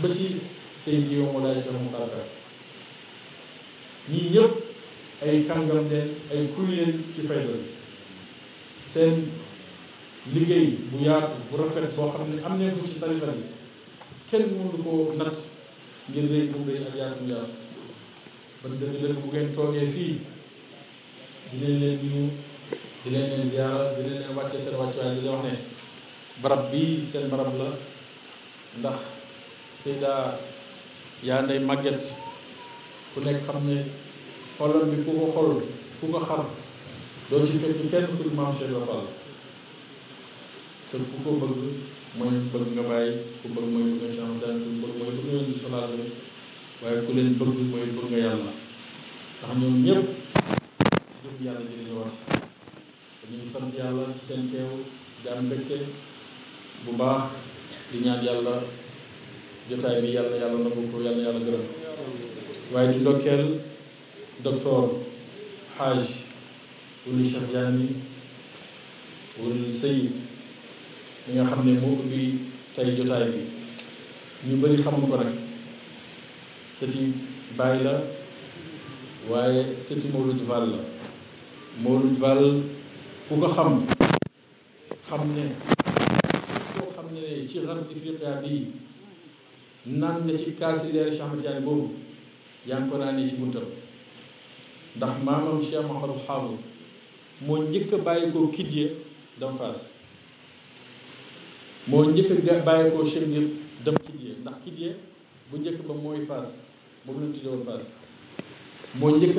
ba ci seen jiw moo laay Cheikh Moutarka ñii ñëpp ay kàngam leen ay kuy leen ci seen liggéey bu yaatu bu rafet boo xam ne am nañ ko ci tarixa bi kenn mënu koo natt ngir léegi bu mu rëy ak yaatu yaatu kon dëgg-dëgg bu ngeen toogee fii dinañ leen ñu dinañ leen ziara dinañ leen wàcce seen wàccuwaay dinañ wax ne barab bii seen barab la ndax Seyda yaa nday màgget ku nekk xam ne xolam bi ku ko xol ku ko xam doo ci fekk kenn ku maam Cheikh Fall te ku ko bëgg mooy bëgg nga bàyyi ku bëgg mooy bëgg nga sàmm daan ku bëgg mooy bëgg nga ñu waaye ku leen bëgg mooy bëgg nga yàlla ndax ñoom ñëpp jëm yàlla ji lañu yàlla jotaay bi yàlla yàlla nangu ko yàlla yàlla gërëm waaye di ndokkeel docteur Haj wul Cheikh Diagne wul li nga xam ne moo ubbi tey jotaay bi ñu bëri xamuñ ko nag sëti Baay la waaye sëti Mawlud Vall la Mawlud Vall ku ko xam xam ne koo xam ne ci xarab Ifriqiya bii naan na ci kaasi leer Cheikh Ahmad boobu yaa ngi ko naanee ci buntam ndax maamam Cheikh Mouhamadou Hafiz moo njëkk a bàyyi ko Kidya dem Fass moo njëkk a bàyyeekoo Chine yëpp dem Kidie ndax Kidie bu njëkk ba mooy Fass moom la ñu tuddee woon moo njëkk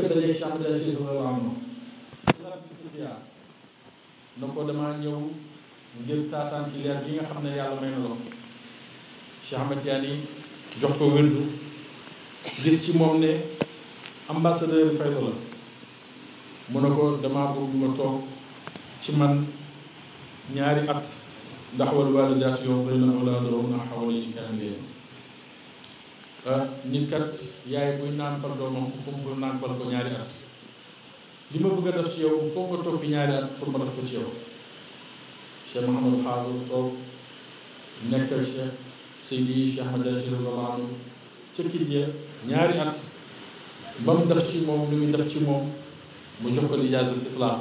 a ñëw ngir taataan ci leer gi nga xam ne yàlla may na loo Cheikh jox ko wérdu gis ci moom ne ambassadeur fayda la mu ne ko damaa bëgg nga toog ci man ñaari at. ndax wal waalidaat yow bay na awlaadahum na xawali kanbeen ah, nit kat yaay buy nàmpal doomam ku foog nga nàmpal ko at li ma bëgg a def ci yow foog nga fi ñaari at pour ma def ko ci yow Cheikh Mouhamadou Xaadul toog nekk ak Cheikh Seydi Cheikh Ahmad Tijaan radiyallaahu anhu ca kit at ba mu def ci moom li muy def ci moom mu jox ko lijaasa itlaaq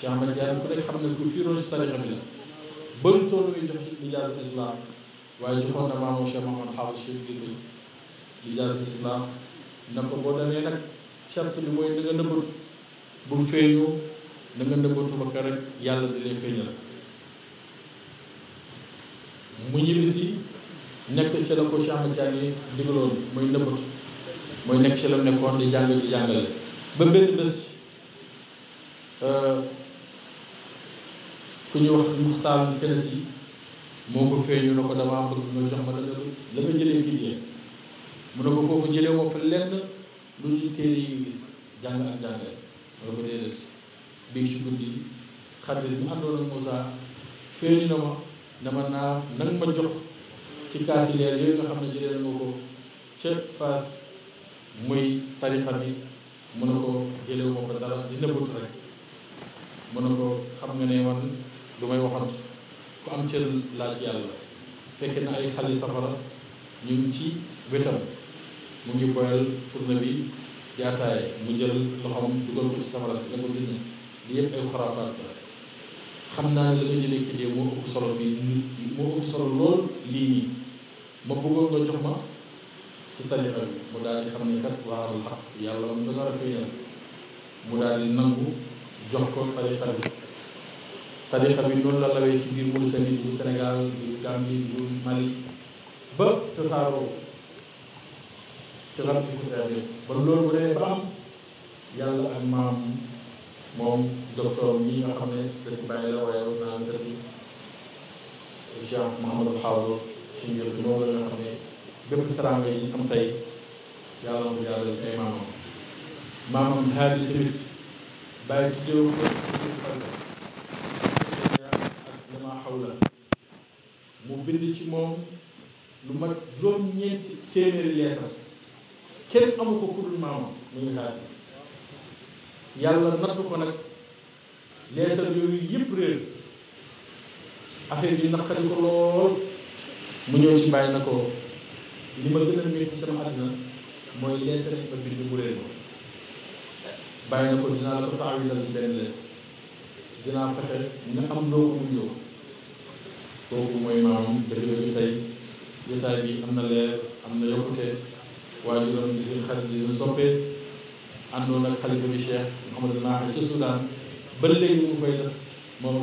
Cheikh Ahmad Tijaan ku nekk xam ne ku fii roon ci tarixa bi bëri tool yi jox lijaasa islaam waaye joxoon na maamu Cheikh Mahamad Xaafis Chérif Gétté lijaasa islaam na ko boo demee nag charte bi mooy na nëbbatu bul feeñu na nëbbatu ba nekk ci la ko nekkoon di jàng jàngale ba benn bés euh, ku ñu wax Muxtaar Tennessee moo ko feeñu na ko damaa bëgg nga jox ma la nga la nga jëlee kii mu ne ko foofu jëlee woo fa lenn lu ñu téere yi gis jàng jàngale moo ko déedéet bii ci guddi gi xadir bi àndoon ak Moussa feeñu na ma dama naa nag ma jox ci kaasi leer yooyu nga xam ne jëlee na ko ca Fass muy tarixa bi mu ne ko jële woo fa dara dina but rek mu ne ko xam nga ne man lu may waxat ku am cër laaj yàlla fekk na ay xali safara ñu ci wetam mu ngi boyal furna bi jaataay mu jël loxoom dugal ko ci safara si da ko li yëpp ay xaraafaat la xam naa ne la nga dee moo ëpp solo fii solo lool lii nii ma bëggoon nga jox ma ci tariqa bi mu daal xam ne kat waarul xaq yàlla am da nga rafet mu daal nangu jox ko tariqa bi tariqa bi noonu la lawee ci biir Mauritanie bu Sénégal bu Gambie bu Mali ba tasaaroo ci rab bi fi ba loolu bu dee ba am yàlla ak maam moom docteur mi nga xam ne sëti bàyyi la waaye wax naan sëti Cheikh Mouhamadou Xaawlo ci ngir du loolu la nga xam ne bépp teraanga yi am tey yàlla mu jàllale ci ay maamam maamam haadi tamit bàyyi tuddee ko maa xawla mu bind ci moom lu mat juróom-ñeenti téeméeri leetar kenn amu ko ku dul maamam muy xaati yàlla nattu ko nag leetar yooyu yëpp réer affaire bi naqari ko lool mu ñëw ci bàyyi na ko li ma gën a métti sama àddina mooy leetar yi ma bind mu réer ko bàyyi na ko dinaa la ko taawilal ci benn lees dinaa fexe nga am loo ko muñ kooku mooy maamam dëgg-dëgg tey jotaay bi am na leer am na yokkute waajuram di suñ xarit di suñ soppe àndoon ak xalifa bi Cheikh Mouhamadou Mahi ca Soudan ba léegi mu fay des moom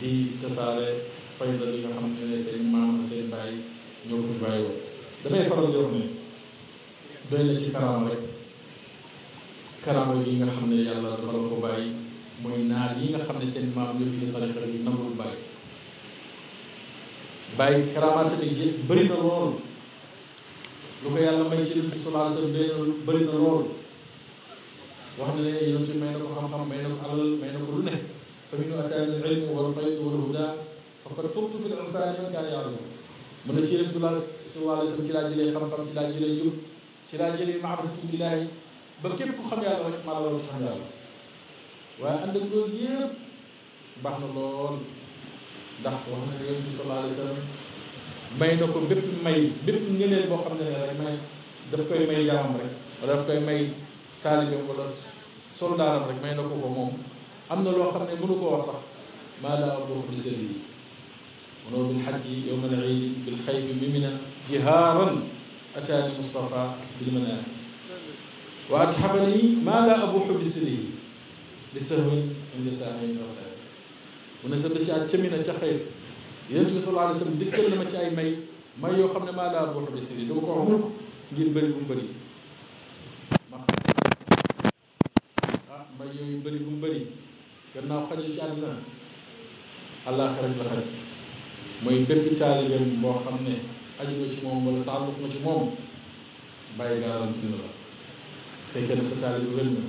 di tasaare fayda li nga xam ne seen maam ak seen bàyyi ñoo ko fi bàyyi woon damay faral di ne doy na ci karaama karaama yi nga xam ne yàlla dafa yi nga xam ne seen maam ñoo di xale xale yi nangul bàyyi karaamaate bi jë bëri na lool lu ko yàlla may ci yonent bi sallallahu alayhi wasallam bëri na bëri na lool wax na ne yonent bi may na ko xam-xam may na ko alal may na ko lu ne fa minhu ataani al-ilmu wal faydu wal hudaa faqad fuqtu fi al-irfaani man kaana ya'lamu mun na ci yonent bi sallallahu alayhi wasallam ci laa jëlee xam-xam ci laa jëlee njub ci laa jëlee maarifatu billaahi ba képp ku xam yàlla rek maa la war a xam yàlla waaye ànd ak loolu yëpp baax na lool ndax wax na yonent bi sallallahu alayhi wa sallam may na ko bépp may bépp ngëneel boo xam ne ne rek may daf koy may jaamam rek wala daf koy may taalibeem wala soldaaram rek may na ko ko moom am na loo xam ne mënu ko wax sax maa laa abdour bi seen yi mënoo bil xajji yow man iidi bil xaybi mimina jihaaran ataani Moustapha bil manaam wa atxabani maa laa abuxu bi seen yi bi sahwin indi saa mu ne sa bésyaa cëmi na ca xëy yonent bi sallallahu alayhi wasallam ma ci ay may may yoo xam ne maa daal wax bi si ko wax mukk ngir bëri bu mu bëri ma xam ah may yooyu bëri bu mu bëri gannaaw xajul ci àddina àllaaxira la xaj mooy bépp taalibeem boo xam ne aju nga ci moom wala taaluk nga ci moom bàyyi garanti na la fekkee na sa taalib wér na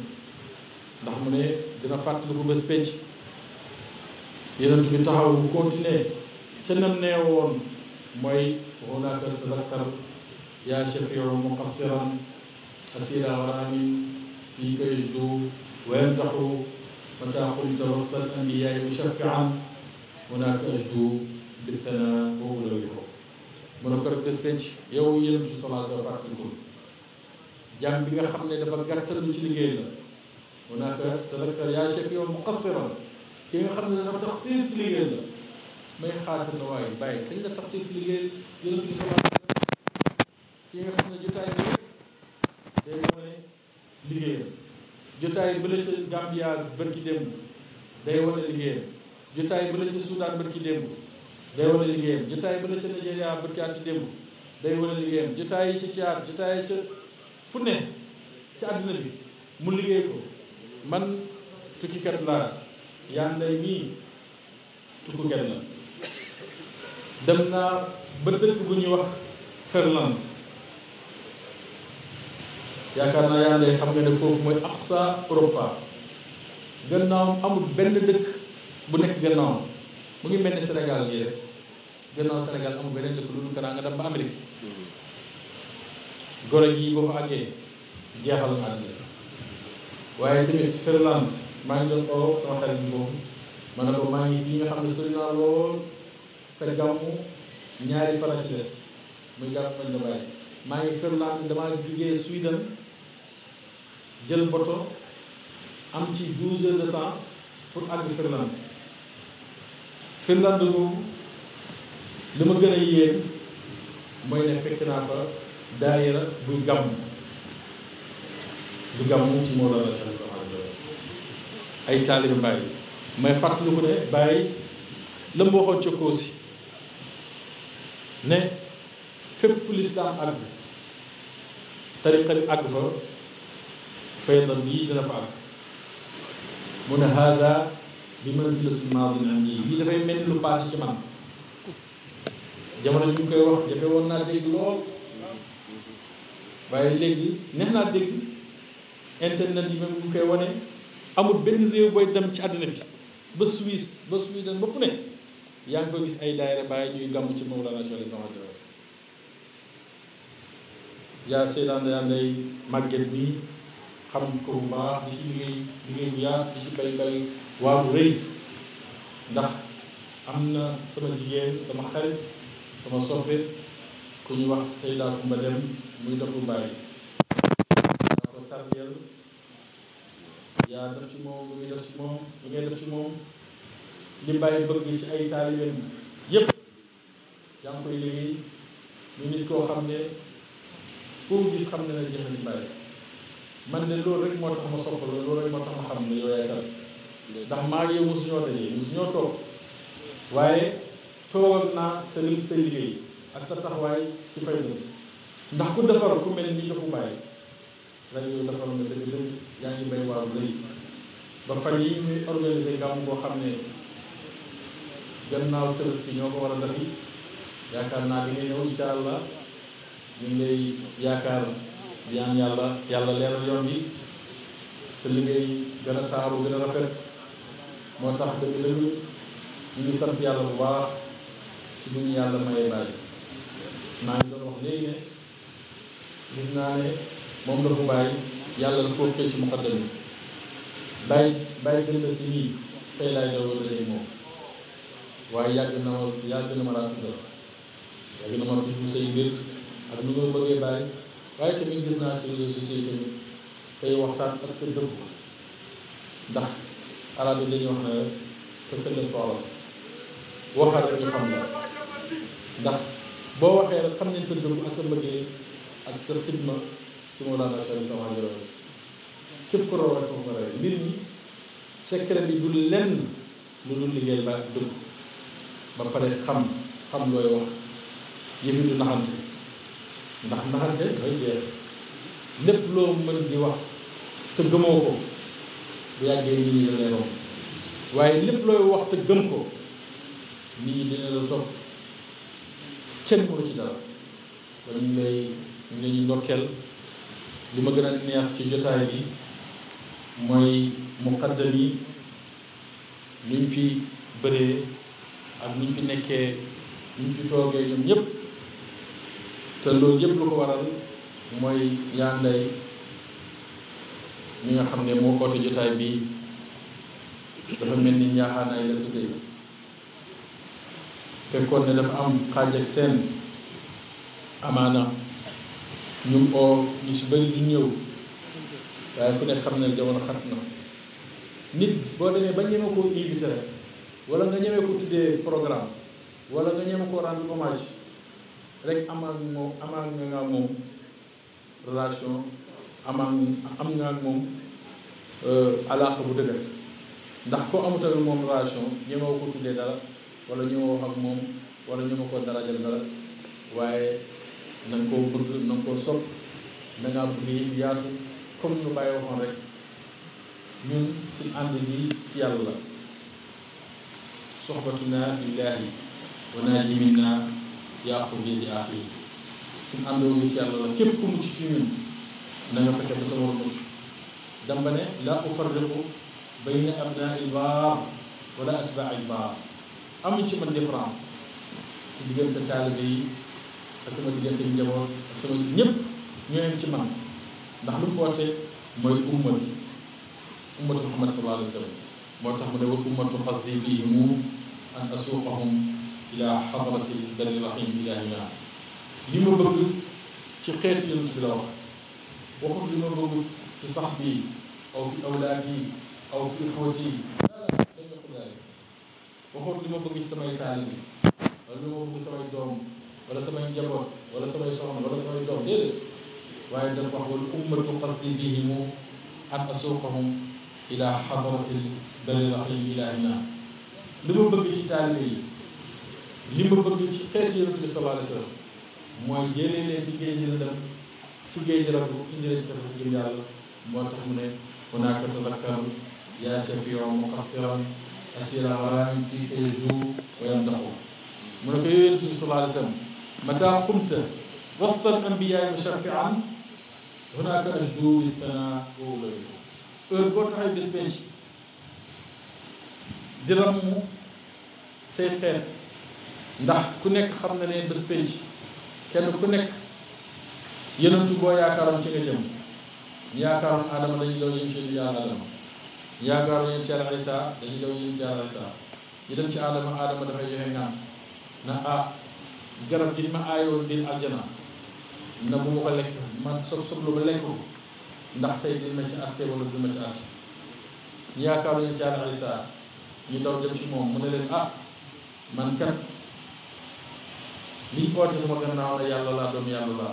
ndax mu ne dina fàttali ko bés penc yonent bi taxaw bu continuer ca nam nee woon mooy hunaka tadakkar yaa shafiu muqassiran asila waraamin fii ka yajdu wa yantaxu mata qumta wasta al anbiyaai mushafian hunaka ajdu bithana wa ulawiho mu ne ko rek des penc yow yonent bi salaa sa fàttalikul jàmm bi nga xam ne dafa gàttalu ci liggéey la hunaka tadakkar yaa shafiu muqassiran ki nga xam ne dafa taqsiir ci liggéey la may xaatir la waaye bàyyi kañ la taqsiir ci liggéey yonent bi sama ki nga xam ne jotaay bi day wane liggéeyam jotaay bële ca Gambia bërki démb day wane liggéeyam jotaay bële ca Soudan bërki démb day wane liggéeyam jotaay bële ca Nigéria bërki at ci démb day wane liggéeyam jotaay ca Caad jotaay ca fu ne ci àddina bi mu liggéey ko man tukkikat laa yaa nday mii tukkukat la dem naa ba dëkk bu ñuy wax Ferland yaakaar naa yaa nday xam nga ne foofu mooy aqsa Europa gannaawam amul benn dëkk bu nekk gannaawam mu ngi mel ni Sénégal gii rek gannaaw Sénégal amul beneen dëkk lu dul gannaaw nga dem ba Amérique goro gi boo fa àggee jeexal nga àddina waaye tamit Ferland maa ngi doon oo sama xarit bi foofu ma maa ngi fii nga xam ne sori naa lool te gàmmu ñaari fan ci des muy gàmmu nañ la maa ngi Finlande damaa jugee Sweden jël boto am ci douze heures de temps pour àgg Finlande Finlande boobu gën a mooy ne fekk naa fa daayira buy gàmmu du gàmmu ci moo la ay taalibi Baay may fàttaliku ne Baay la mu waxoon ca ne fépp lislaam àgg tariqa bi àgg fa faydam yii dina fa àgg mu ne hada bi manzilatul maadin indi lii dafay mel ni lu passé ci man jamono ñu koy wax jafe woon naa dégg lool waaye léegi neex naa dégg internet yi même ñu koy wane amul benn réew booy dem ci àddina bi ba Suisse ba Sweden ba fu ne yaa ngi koy gis ay daayira bàyyi ñuy gàmm ci Mawlana Cheikh Islam yaa seetaan yaa ndey màgget bi xam ko bu baax di ci liggéey bu yaatu di ci bay bay waaw rëy ndax am na sama jigéen sama xarit sama soppe ku ñu wax Seyda Kumba Dem muy dofu mbaay daa ko tarbiyal yaa def ci moom lu ngay def ci moom lu ngay def ci moom li bàyyi bëgg ci ay taalibeem yépp yaa ngi koy liggéey ñu nit koo xam ne koo gis xam ne na jëfe ci bàyyi man de loolu rek moo tax ma sopp la moo tax ma xam ne yow yaay kan ndax maa ngi yow mosuñoo dajee mosuñoo toog waaye toogal naa sa lim sa ak sa taxawaay ci fay ndax ku defar ku mel ni dafa bàyyi lan yooyu dafa am ne dëgg dëgg yaa ngi bay waaru lëy ba fan yi ñuy organiser gàmm boo xam ne gannaaw tërës bi ñoo ko war a dafi yaakaar naa di ngay ñëw insha allah ñu ngi lay yaakaar yaan yàlla yoon bi sa liggéey gën a taaru gën a rafet moo tax dëgg dëgg ñu ngi sant yàlla bu baax ci bu yàlla mayee bàyyi maa ngi doon léegi ne gis naa ne moom la fu bàyyi yàlla daf koo xëy si muqaddam yi bàyyi bàyyi gën la si nii tey laay doog a daje moom waaye yàgg na ma yàgg na ma laa tuddal yàgg na ma tudd say mbir ak nu nga bëggee bàyyi waaye tamit gis naa si réseaux sociaux say waxtaan ak sa dëgg ndax arab yi dañuy wax ne fekk leen ko olof waxal rek ñu xam la ndax boo waxee rek xam nañ sa dëgg ak sa mbëggee ak sa xidma ci Mawlana Cheikh Sama Dios képp ku roor rek foofu nga roy mbir mi secret bi du lenn lu dul liggéey ba ak dëgg ba pare xam xam looy wax yëfi du naxante ndax naxante dafay jeex lépp loo mën di wax te ko bu yàggee nit ñi dana waaye lépp looy wax te gëm ko nit ñi dina la topp kenn mënu ci dara ba ñu lay ñu li ma gën a neex ci jotaay bi mooy muqaddam luñ fi bëree ak luñ fi nekkee luñ ñu fi toogee ñoom ñëpp te loolu yëpp lu ko waral mooy yaa nday mi nga xam ne moo oote jotaay bi dafa mel ni ñaaxaanaay la tuddee fekkoon ne dafa am xaaj seen amaana ñu oo ñu si bëri du ñëw waaye ku ne xam ne jamono xat na nit boo demee ba ñeme koo invité rek wala nga ñeme ko tuddee programme wala nga ñeme koo rendre hommage rek amaat moom nga nga moom relation amaat euh, bu dëgër ndax koo amut ak moom relation ñemewu ko tuddee dara wala ñëwoo ak moom wala ñeme ko darajal dara waaye na koo bëgg na koo sopp da ngaa bëgg yi yaatu comme ñu bàyyi waxoon rek ñun suñ ànd gi ci yàlla la soxbatuna lillahi wa naaji minna yaaxu bi di aax yi suñ àndoo gi ci yàlla la képp ku mucc ci ñun na nga ba sa war mucc ne laa ufarriqu bayna abnaa il baar wala atbaa il baar amuñ ci man différence ci diggante taalibe yi ak sama diggante njaboot ak sama ñëpp ñooyam ci man ndax lu mu woote mooy umma bi ummatu Muhammad sallallahu alayhi wa sallam moo tax mu ne wa ummatu xasdi bihim an asuuqahum ila xadrati bari rahim ilahina li ma bëgg ci xeetu yonent bi la wax waxut li ma bëgg ci sax bi aw fi awlaad yi aw fi xawat yi waxut li ma bëgg ci samay taalibe wala li ma bëgg samay doom wala samay njaboot wala samay soxna wala samay doom déedéet waaye dafa wax wal ummatu qasdi bihimu an asuqahum ila xadratil bari rahim ilahina li ma bëgg ci taalibe yi li ma bëgg ci xeetu yonent bi sallallahu alayhi wa sallam mooy jëlee leen ci géej la dem ci géej la bu indi leen sa si gëm yàlla moo tax mu ne hunaaka tadakkaru yaa shafii'u muqassiran asira walamin fii kay jour wa yandaxu ko yonent bi sallallahu alayhi wa متى قمت وسط الأنبياء مشفعا هناك أجدو للثناء وغيره heure boo taxee bis benn ci di ràmm say xeet ndax ku nekk xam na ne bés penc kenn ku nekk yenentu boo yaakaaroon ci nga jëm yaakaaroon Adama dañuy daw yem ci yàlla Adama yaakaaroon yem ci yàlla Isa dañuy daw yem ci yàlla Isa ñu dem ci Adama Adama dafay joxe ngant na ah garab gi ni ma aayoon biir aljana na bu ma ko lekk man sob sob lu ba lekk ko ndax tey dina ma ci àtte wala dina ma ci àtte yaakaar nañu ci Yàlla Isaa ñu daw dem leen ah man kat liñ oote sama gannaaw ne yàlla laa doom yàlla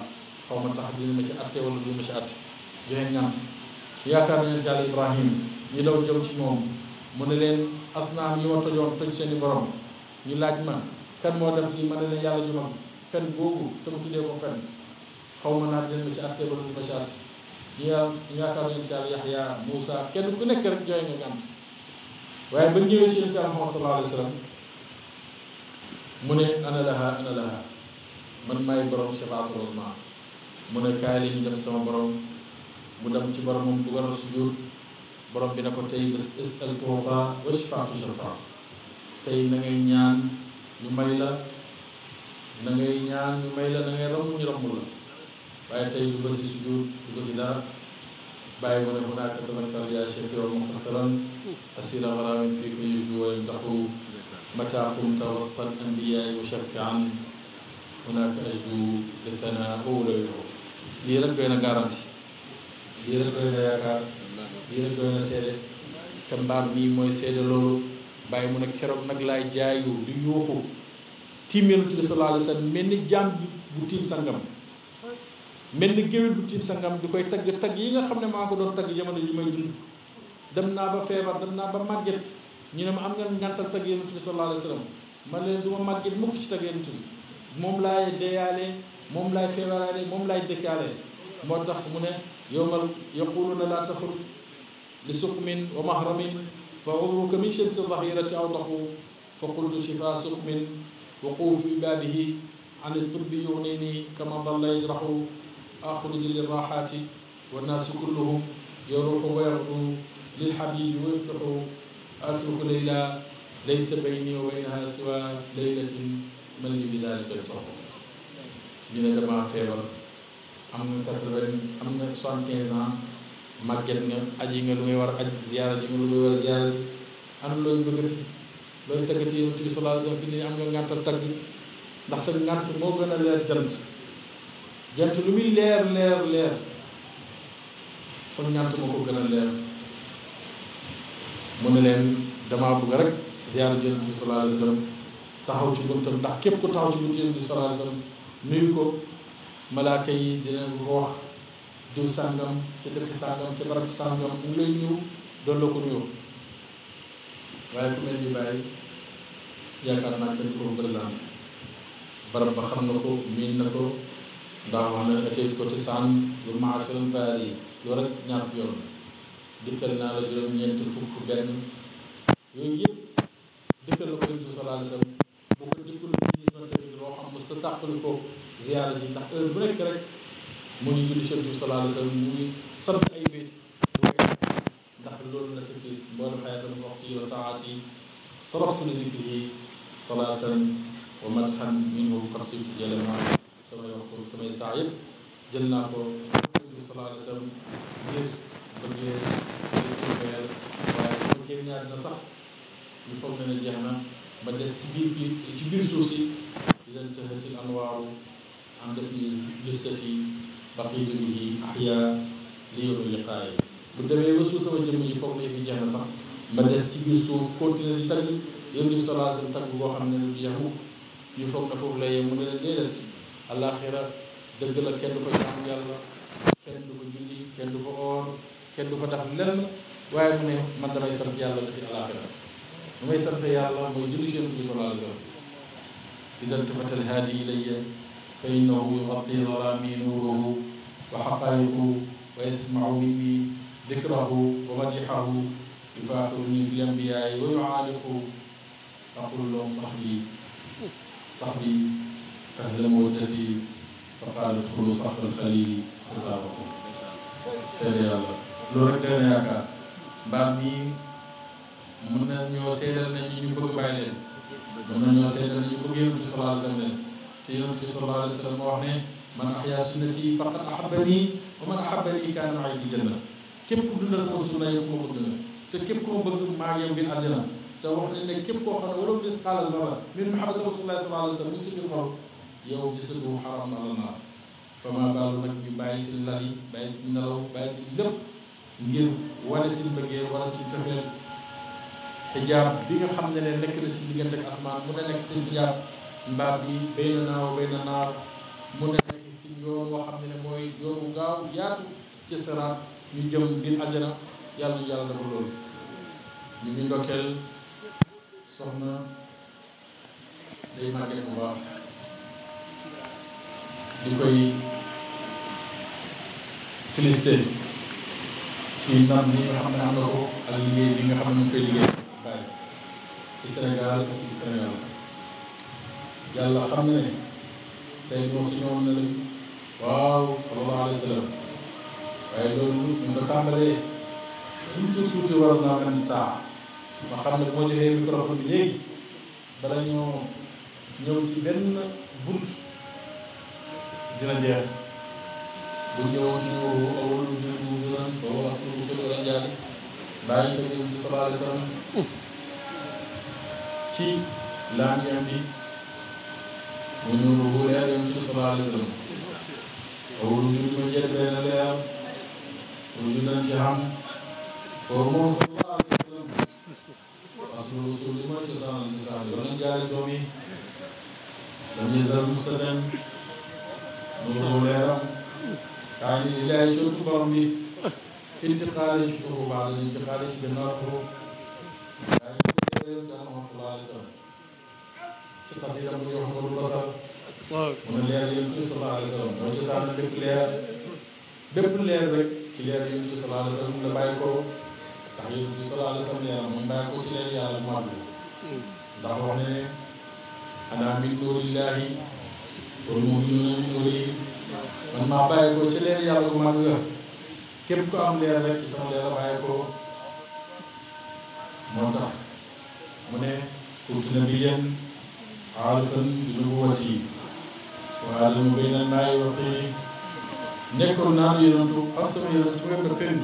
ma ci àtte wala dina ma ci àtte joxe ñant yaakaar nañu ci Yàlla Ibrahim ñu daw jëm ci moom mu ne leen asnaam yi ma tojoon toj seeni borom ñu laaj man kan moo def lii ma ne leen yàlla ju mag fen boobu te mu tuddee ko fen xaw ma naa dén ci atte balu bashaat ñi nga yaakaar yéen si yàlla Yaxya Moussa kenn ku nekk rek jooy nga gànt waaye ba ñëwee si yéen si mu ne ana laha ana laha man maay borom shafaatul uzma mu ne kaay li ñu sama borom mu dem ci boromam bu waral sujud borom bi na ko tey bés isal tooba wa shafaatu shafa tey na ñaan ñu may la na ñaan ñu may la na ngay romb ñu romb la waaye tey du ko si sujud du ko si dara bàyyi mu ne hunaaka tazakkar yaa cheikh yow muqassaran asira waraamin fii ko yujdu wa yamtaxu mata qumta wasfa al anbiyaai wa shafian hunaaka ajdu li thana awla na garanti lii rek doy na yaakaar lii seede te mii mooy seede loolu bàyyi mu ne keroog nag laay jaayu di yuuxu tiim yonent bi sallallahu alayhi wa sallam mel ni jaam bu tiim sangam mel ni géwél bu tiim sangam di koy tagg tagg yi nga xam ne maa ko doon tagg jamono ji may dund dem naa ba feebar dem naa ba màgget ñu ne ma am nga ngàntal tagg yonent bi sallallahu alayhi wa sallam man leen du ma màgget mukk ci tagg yonent bi moom laay deeyaale moom laay feebaraale moom laay dëkkaale moo tax mu ne yowmal yaquluna laa taxul li suqmin wa fa umruka min shamsi dhahirati awdahu fa qultu shifa sukmin wuquuf bi baabihi an tibbi yugnini kama dalla yajrahu axruj lirraxaati wannaasu kulluhum yaruuxu wa yardu lilxabibi wa yaftaxu atruku leyla laysa bayni wa baynaha siwa leylatin mel ni bi daalika soxla ñu ne damaa feebar am na quatre-vingts am na soixante-quinze ans màgget nga aji nga lu ngay war a aji ziyaara ji nga lu ngay war a ziyaara ji am looñu bëggati looñu tëggati yonent bi sallallahu alayhi wasallam fi nii am nga ngànt ak tagg ndax sa ngànt moo gën a leer jant jant lu muy leer leer leer sa ngànt moo ko gën a leer mu ne leen damaa bëgg rek ziyaara ji yonent bi sallallahu alayhi wasallam taxaw ci buntam ndax képp ku taxaw ci buntu yonent bi sallallahu alayhi wasallam nuyu ko malaaka yi dina ko wax diw sàngam ca dëkk sàngam ca barab sàngam mu lay ñëw doon la ko nuyoo waaye ku mel ni bàyyi yaakaar naa kenn ko représenté barab ba xam na ko miin na ko ndax wax na atey ko tisaan lu maasalan baari yoo rek ñaar fi yoon dikkal naa la juróom-ñeenti fukk benn yooyu yëpp dikkal la ko dem sallallahu alayhi wa boo ko dikkul gis na tamit loo xam mos ta tàqali ko ziyaara ji ndax heure bu nekk rek mu ngi julli Yonent bi sallallahu alayhi wa sallam mu ngi sant ay béyt ndax loolu la ci gis mboolem xayatam waxti wa saati saraftu li dikrihi salaatan wa madhan minhu xasitu jëlema samay waxtu samay saa yëpp jël naa ko Yonent bi sallallahu alayhi wa sallam ngir bëggee bëggeel waaye bu génn àddina sax ñu foog ne jeex na ba des si biir bi ci biir suuf si di leen tëxatil anwaaru am def ni jursati baqiitu bihi ahyaa li yawmi liqaayi bu demee ba suuf sama jëmm ji foog ne fi jeex na sax ma des ci biir suuf continuer di tagg yonent bi sallallahu alayhi wa sallam boo xam ne lu du yàqu ñu foog mu ne leen déedéet àllaaxira dëgg la kenn du fa jaamu yàlla kenn du fa julli kenn du fa oor kenn du fa def lenn waaye mu ne man damay sant yàlla ba si àllaaxira damay sant yàlla mooy julli ci yonent bi sallallahu alayhi wa sallam idan tafatal haadi ilayya فإنه يغطي ظلامي نوره وحقائقه ويسمع مني ذكره ومدحه يفاخرني في الأنبياء ويعانقه أقول لهم صحبي صحبي أهل مودتي فقال ادخلوا صحب الخليل فسابقوا seede yàlla loolu rek dana yaakaar mbaam mii mën na ñoo seedal nañu ñu bëgg bàyyi leen mën na ñoo seedal nañu bëgg yéen ci sallallahu alayhi wa sallam te yonent bi sallallahu alayhi wa sallam moo wax ne man ahyaa sunnati faqad ahabbanii wa man ahabbanii kaana ma'i fil janna képp ku dundal sama sunna yow moo bëgg la te képp ku ma bëgg maa ngi yow ngeen àjjana te wax nañ ne képp koo xam ne wala misqaala zarra min muhabbati rasulillahi sallallahu alayhi wa sallam mu ci biir xol yow jësadu xaram na la naar fama baalu nag ñu bàyyi si lal yi bàyyi si nelaw bàyyi si lépp ngir wane si mbëggeel wala si cofeel xijaab bi nga xam ne ne nekk na si diggante ak asmaan mu ne nekk si xijaab mbaam bi béy na naaw béy na naaw mu nekk si yoon woo xam ne mooy yoonu gaaw yaatu ci saraat ñu jëm biir àjjana yàlla ñu yàlla dafa loolu ñu ngi ndokkeel soxna day màggee bu baax di koy félicité ci ndam li am na ko ak liggéey bi nga xam ne mu koy liggéey bàyyi ci Sénégal ak ci Sénégal yàlla xam na ne tey mos ñëwoon na leen waaw sallallahu alayhi wa sallam waaye loolu ñu ko tàmbalee lu ñu ko tuuti waroon naa mën saa ma xam ne bu ma joxee microphone bi léegi bala ñoo ñëw ci benn bunt dina jeex bu ñëwoon ci awal jëndu jëran boobu askan bu sori wala njaari bàyyi tamit sallallahu alayhi wa mu ñuul wu leer yonent bi sallallahu alayhi wa sallam awul njur ma njëkk leen a leer foofu nañ ci xam foofu moom sallallahu alayhi wa sallam parce que suul li mooy cosaanal cosaan yi danañ jaare doom yi lam yazal mustaqim nuuru leeram kaa ñu ilaay cootu borom bi intiqaale ci tuuba la intiqaale ci gannaaw tuuba kaa ñu ilaay ci sallallahu alayhi wa sallam ci xasiidam bu ñuy wax Modou Basar mu ne leer yonent bi sallallahu alayhi wa sallam mooy cosaanu bépp leer bépp leer rek ci leer yonent bi sallallahu alayhi wa sallam la bàyyi ko ndax yonent bi sallallahu alayhi wa sallam leeram moom bàyyi ko ci leer yàlla mu ànd ndax wax ne ne ana min nuurillahi wal mu'minuuna min nuurihi man maa bàyyi ko ci leer yàlla bu mag la képp ku am leer rek ci sama leer la bàyyi ko moo tax mu ne kuntu nabiyyan xaalifan bi nubuwati wa alamu bayna maayi wa qiiri nekkoon naan yonantu ak sama yonantu wér nga penn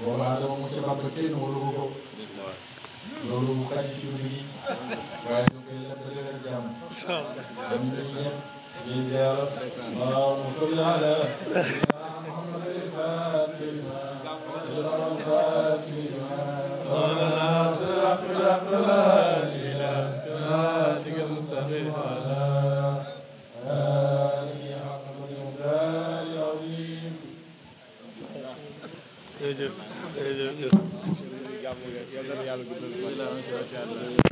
booba adama mu ca barka kenn wala ko ko loolu bu xaj ci lu yi waaye ñu koy leb da leen jàmm am ñuy ñëpp di ziara allahumma salli ala sayyidina muhammad al-fatih lima al-fatih lima sallallahu alaihi wa sallam jërëjëf jërëjëf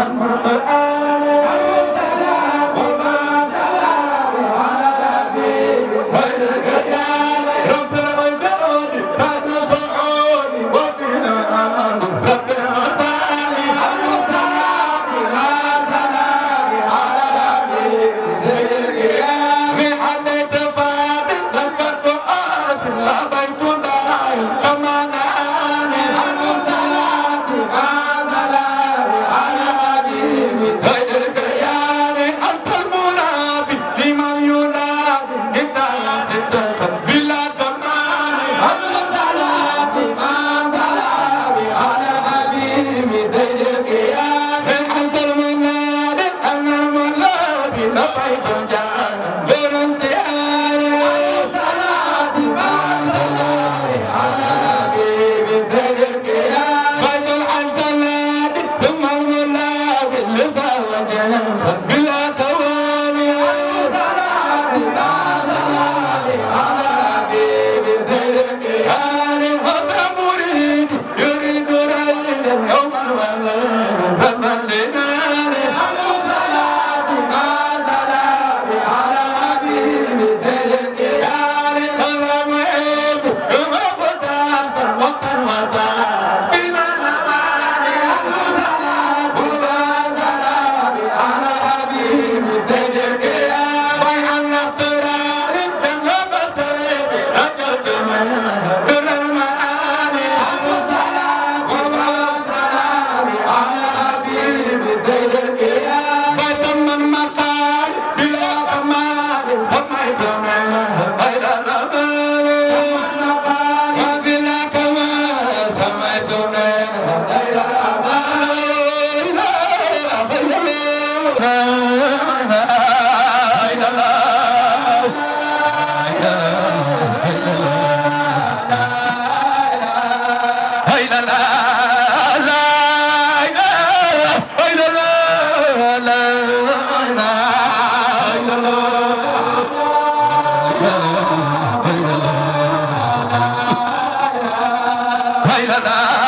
akbar la